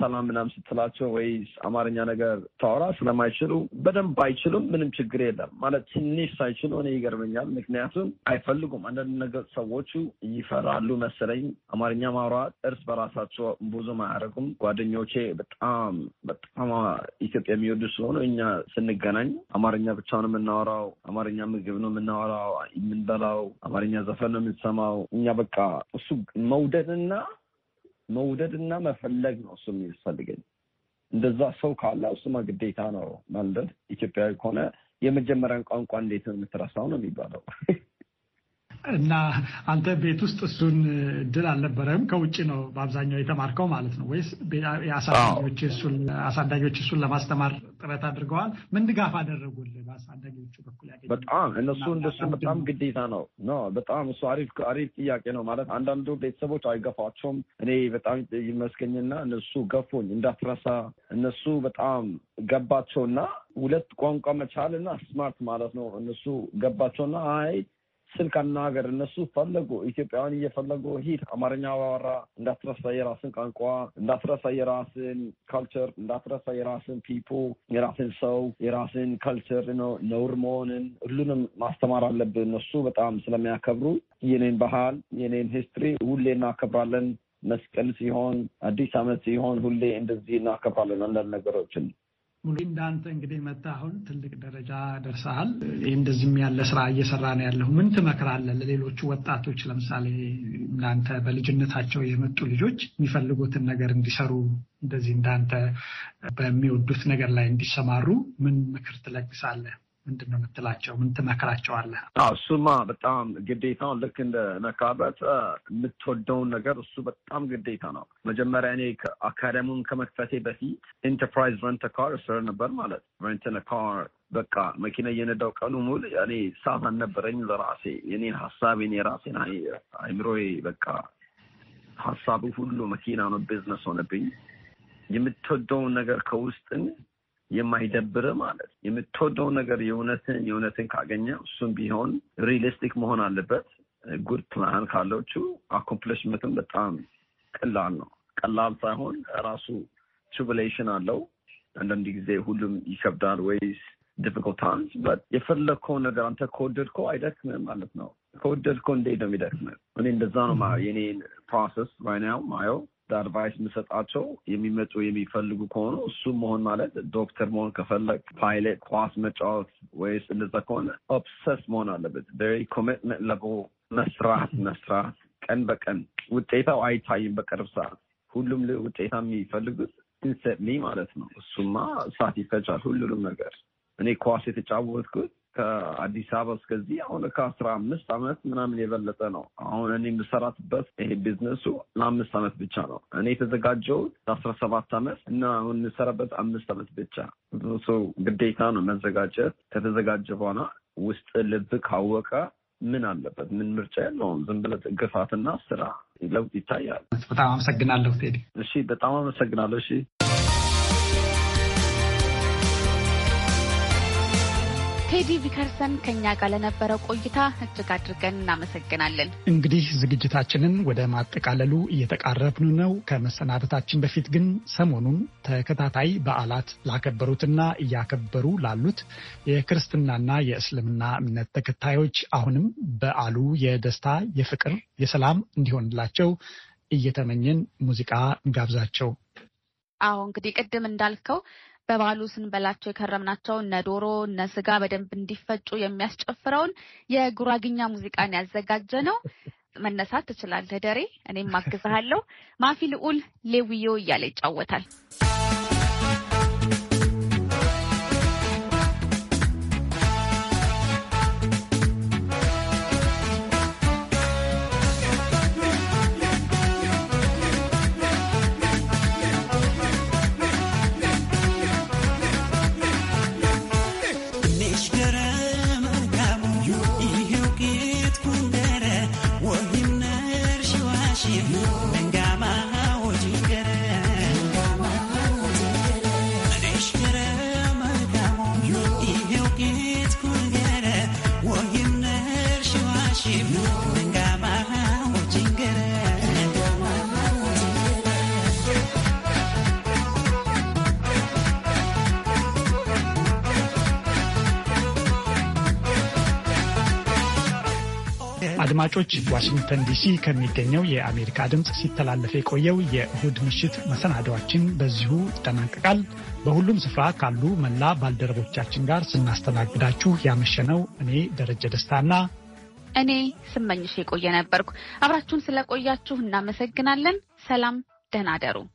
ሰላም ምናምን ስትላቸው ወይ አማርኛ ነገር ታወራ ስለማይችሉ በደንብ አይችሉም። ምንም ችግር የለም ማለት ትንሽ ሳይችሉ እኔ ይገርመኛል። ምክንያቱም አይፈልጉም። አንዳንድ ነገር ሰዎቹ ይፈራሉ መሰለኝ አማርኛ ማውራት። እርስ በራሳቸው ብዙም አያደርጉም። ጓደኞቼ በጣም በጣም ኢትዮጵያ የሚወዱ ስለሆኑ እኛ ስንገናኝ አማርኛ ብቻ ነው የምናወራው። አማርኛ ምግብ ነው የምናወራው፣ የምንበላው አማርኛ ዘፈን ነው የምንሰማው። እኛ በቃ እሱ መውደድና መውደድ እና መፈለግ ነው እሱ የሚያስፈልገኝ። እንደዛ ሰው ካለ እሱማ ግዴታ ነው መውደድ። ኢትዮጵያዊ ከሆነ የመጀመሪያን ቋንቋ እንዴት ነው የምትረሳው ነው የሚባለው። እና አንተ ቤት ውስጥ እሱን እድል አልነበረም። ከውጭ ነው በአብዛኛው የተማርከው ማለት ነው ወይስ አሳዳጊዎች እሱን ለማስተማር ጥረት አድርገዋል? ምን ድጋፍ አደረጉልህ በአሳዳጊዎቹ በኩል? በጣም እነሱ እንደሱ በጣም ግዴታ ነው በጣም እሱ አሪፍ አሪፍ ጥያቄ ነው ማለት አንዳንዱ ቤተሰቦች አይገፋቸውም። እኔ በጣም ይመስገኝና እነሱ ገፎኝ እንዳትረሳ እነሱ በጣም ገባቸውና ሁለት ቋንቋ መቻልና ስማርት ማለት ነው እነሱ ገባቸውና አይ ስልክ አናገር። እነሱ ፈለጉ፣ ኢትዮጵያውያን እየፈለጉ ሂድ፣ አማርኛ ባወራ እንዳትረሳ የራስን ቋንቋ፣ እንዳትረሳ የራስን ካልቸር፣ እንዳትረሳ የራስን ፒፖ፣ የራስን ሰው፣ የራስን ካልቸር ነውር መሆንን ሁሉንም ማስተማር አለብን። እነሱ በጣም ስለሚያከብሩ የኔን ባህል የኔን ሂስትሪ ሁሌ እናከብራለን። መስቀል ሲሆን አዲስ አመት ሲሆን ሁሌ እንደዚህ እናከብራለን አንዳንድ ነገሮችን ሙሉ እንዳንተ እንግዲህ መታ አሁን ትልቅ ደረጃ ደርሰሃል። ይህ እንደዚህም ያለ ስራ እየሰራ ነው ያለሁ። ምን ትመክራለህ ለሌሎቹ ወጣቶች? ለምሳሌ እናንተ በልጅነታቸው የመጡ ልጆች የሚፈልጉትን ነገር እንዲሰሩ እንደዚህ እንዳንተ በሚወዱት ነገር ላይ እንዲሰማሩ ምን ምክር ትለግሳለህ? ምንድን ነው የምትላቸው? ምን ትመክራቸዋለህ? እሱማ በጣም ግዴታ ነው። ልክ እንደ ነካበት የምትወደውን ነገር እሱ በጣም ግዴታ ነው። መጀመሪያ እኔ አካዳሚውን ከመክፈቴ በፊት ኢንተርፕራይዝ ረንት ካር ስር ነበር ማለት ረንትን ካር በቃ መኪና እየነዳው ቀኑ ሙሉ እኔ ሳት አልነበረኝ ለራሴ የኔን ሀሳብ የኔ ራሴን አይምሮዬ በቃ ሀሳቡ ሁሉ መኪና ነው፣ ቢዝነስ ሆነብኝ። የምትወደውን ነገር ከውስጥን የማይደብር ማለት የምትወደው ነገር የእውነትን የእውነትን ካገኘ እሱም ቢሆን ሪሊስቲክ መሆን አለበት። ጉድ ፕላን ካለችው አኮምፕሊሽመንትም በጣም ቀላል ነው። ቀላል ሳይሆን ራሱ ትሪቡሌሽን አለው። አንዳንድ ጊዜ ሁሉም ይከብዳል ወይስ ዲፊክልት ታይምስ በት የፈለግከው ነገር አንተ ከወደድኮ አይደክምም ማለት ነው። ከወደድከው እንዴት ነው እኔ እንደዛ ነው የኔ ፕሮሰስ ራይናው ማየው አድቫይስ የምሰጣቸው የሚመጡ የሚፈልጉ ከሆኑ እሱም መሆን ማለት ዶክተር መሆን ከፈለግ ፓይለት፣ ኳስ መጫወት ወይስ እንደዛ ከሆነ ኦብሰስ መሆን አለበት። ኮሚትመንት ለቦ መስራት መስራት ቀን በቀን ውጤታው አይታይም በቅርብ ሰዓት። ሁሉም ውጤታ የሚፈልጉት ኢንሰትሊ ማለት ነው። እሱማ እሳት ይፈጫል ሁሉንም ነገር እኔ ኳስ የተጫወትኩት ከአዲስ አበባ እስከዚህ አሁን ከአስራ አምስት አመት ምናምን የበለጠ ነው። አሁን እኔ የምሰራትበት ይሄ ቢዝነሱ ለአምስት አመት ብቻ ነው። እኔ የተዘጋጀሁት ለአስራ ሰባት አመት እና አሁን የምሰራበት አምስት አመት ብቻ ሰው ግዴታ ነው መዘጋጀት። ከተዘጋጀ በኋላ ውስጥ ልብ ካወቀ ምን አለበት? ምን ምርጫ የለውም። ዝም ብለህ ግፋትና ስራ፣ ለውጥ ይታያል። በጣም አመሰግናለሁ ቴዲ። እሺ፣ በጣም አመሰግናለሁ። እሺ። ቴዲ ቪከርሰን ከኛ ጋር ለነበረው ቆይታ እጅግ አድርገን እናመሰግናለን። እንግዲህ ዝግጅታችንን ወደ ማጠቃለሉ እየተቃረብን ነው። ከመሰናበታችን በፊት ግን ሰሞኑን ተከታታይ በዓላት ላከበሩትና እያከበሩ ላሉት የክርስትናና የእስልምና እምነት ተከታዮች አሁንም በዓሉ የደስታ፣ የፍቅር፣ የሰላም እንዲሆንላቸው እየተመኘን ሙዚቃ እንጋብዛቸው። አዎ እንግዲህ ቅድም እንዳልከው በባሉ ስንበላቸው የከረምናቸው እነ ዶሮ እነ ስጋ በደንብ እንዲፈጩ የሚያስጨፍረውን የጉራግኛ ሙዚቃን ያዘጋጀ ነው። መነሳት ትችላለህ ደሬ፣ እኔም አግዝሃለሁ። ማፊ ልዑል ሌዊዮ እያለ ይጫወታል። አድማጮች፣ ዋሽንግተን ዲሲ ከሚገኘው የአሜሪካ ድምፅ ሲተላለፍ የቆየው የእሁድ ምሽት መሰናዷችን በዚሁ ይጠናቀቃል። በሁሉም ስፍራ ካሉ መላ ባልደረቦቻችን ጋር ስናስተናግዳችሁ ያመሸነው እኔ ደረጀ ደስታና እኔ ስመኝሽ የቆየ ነበርኩ። አብራችሁን ስለቆያችሁ እናመሰግናለን። ሰላም፣ ደህና አደሩ።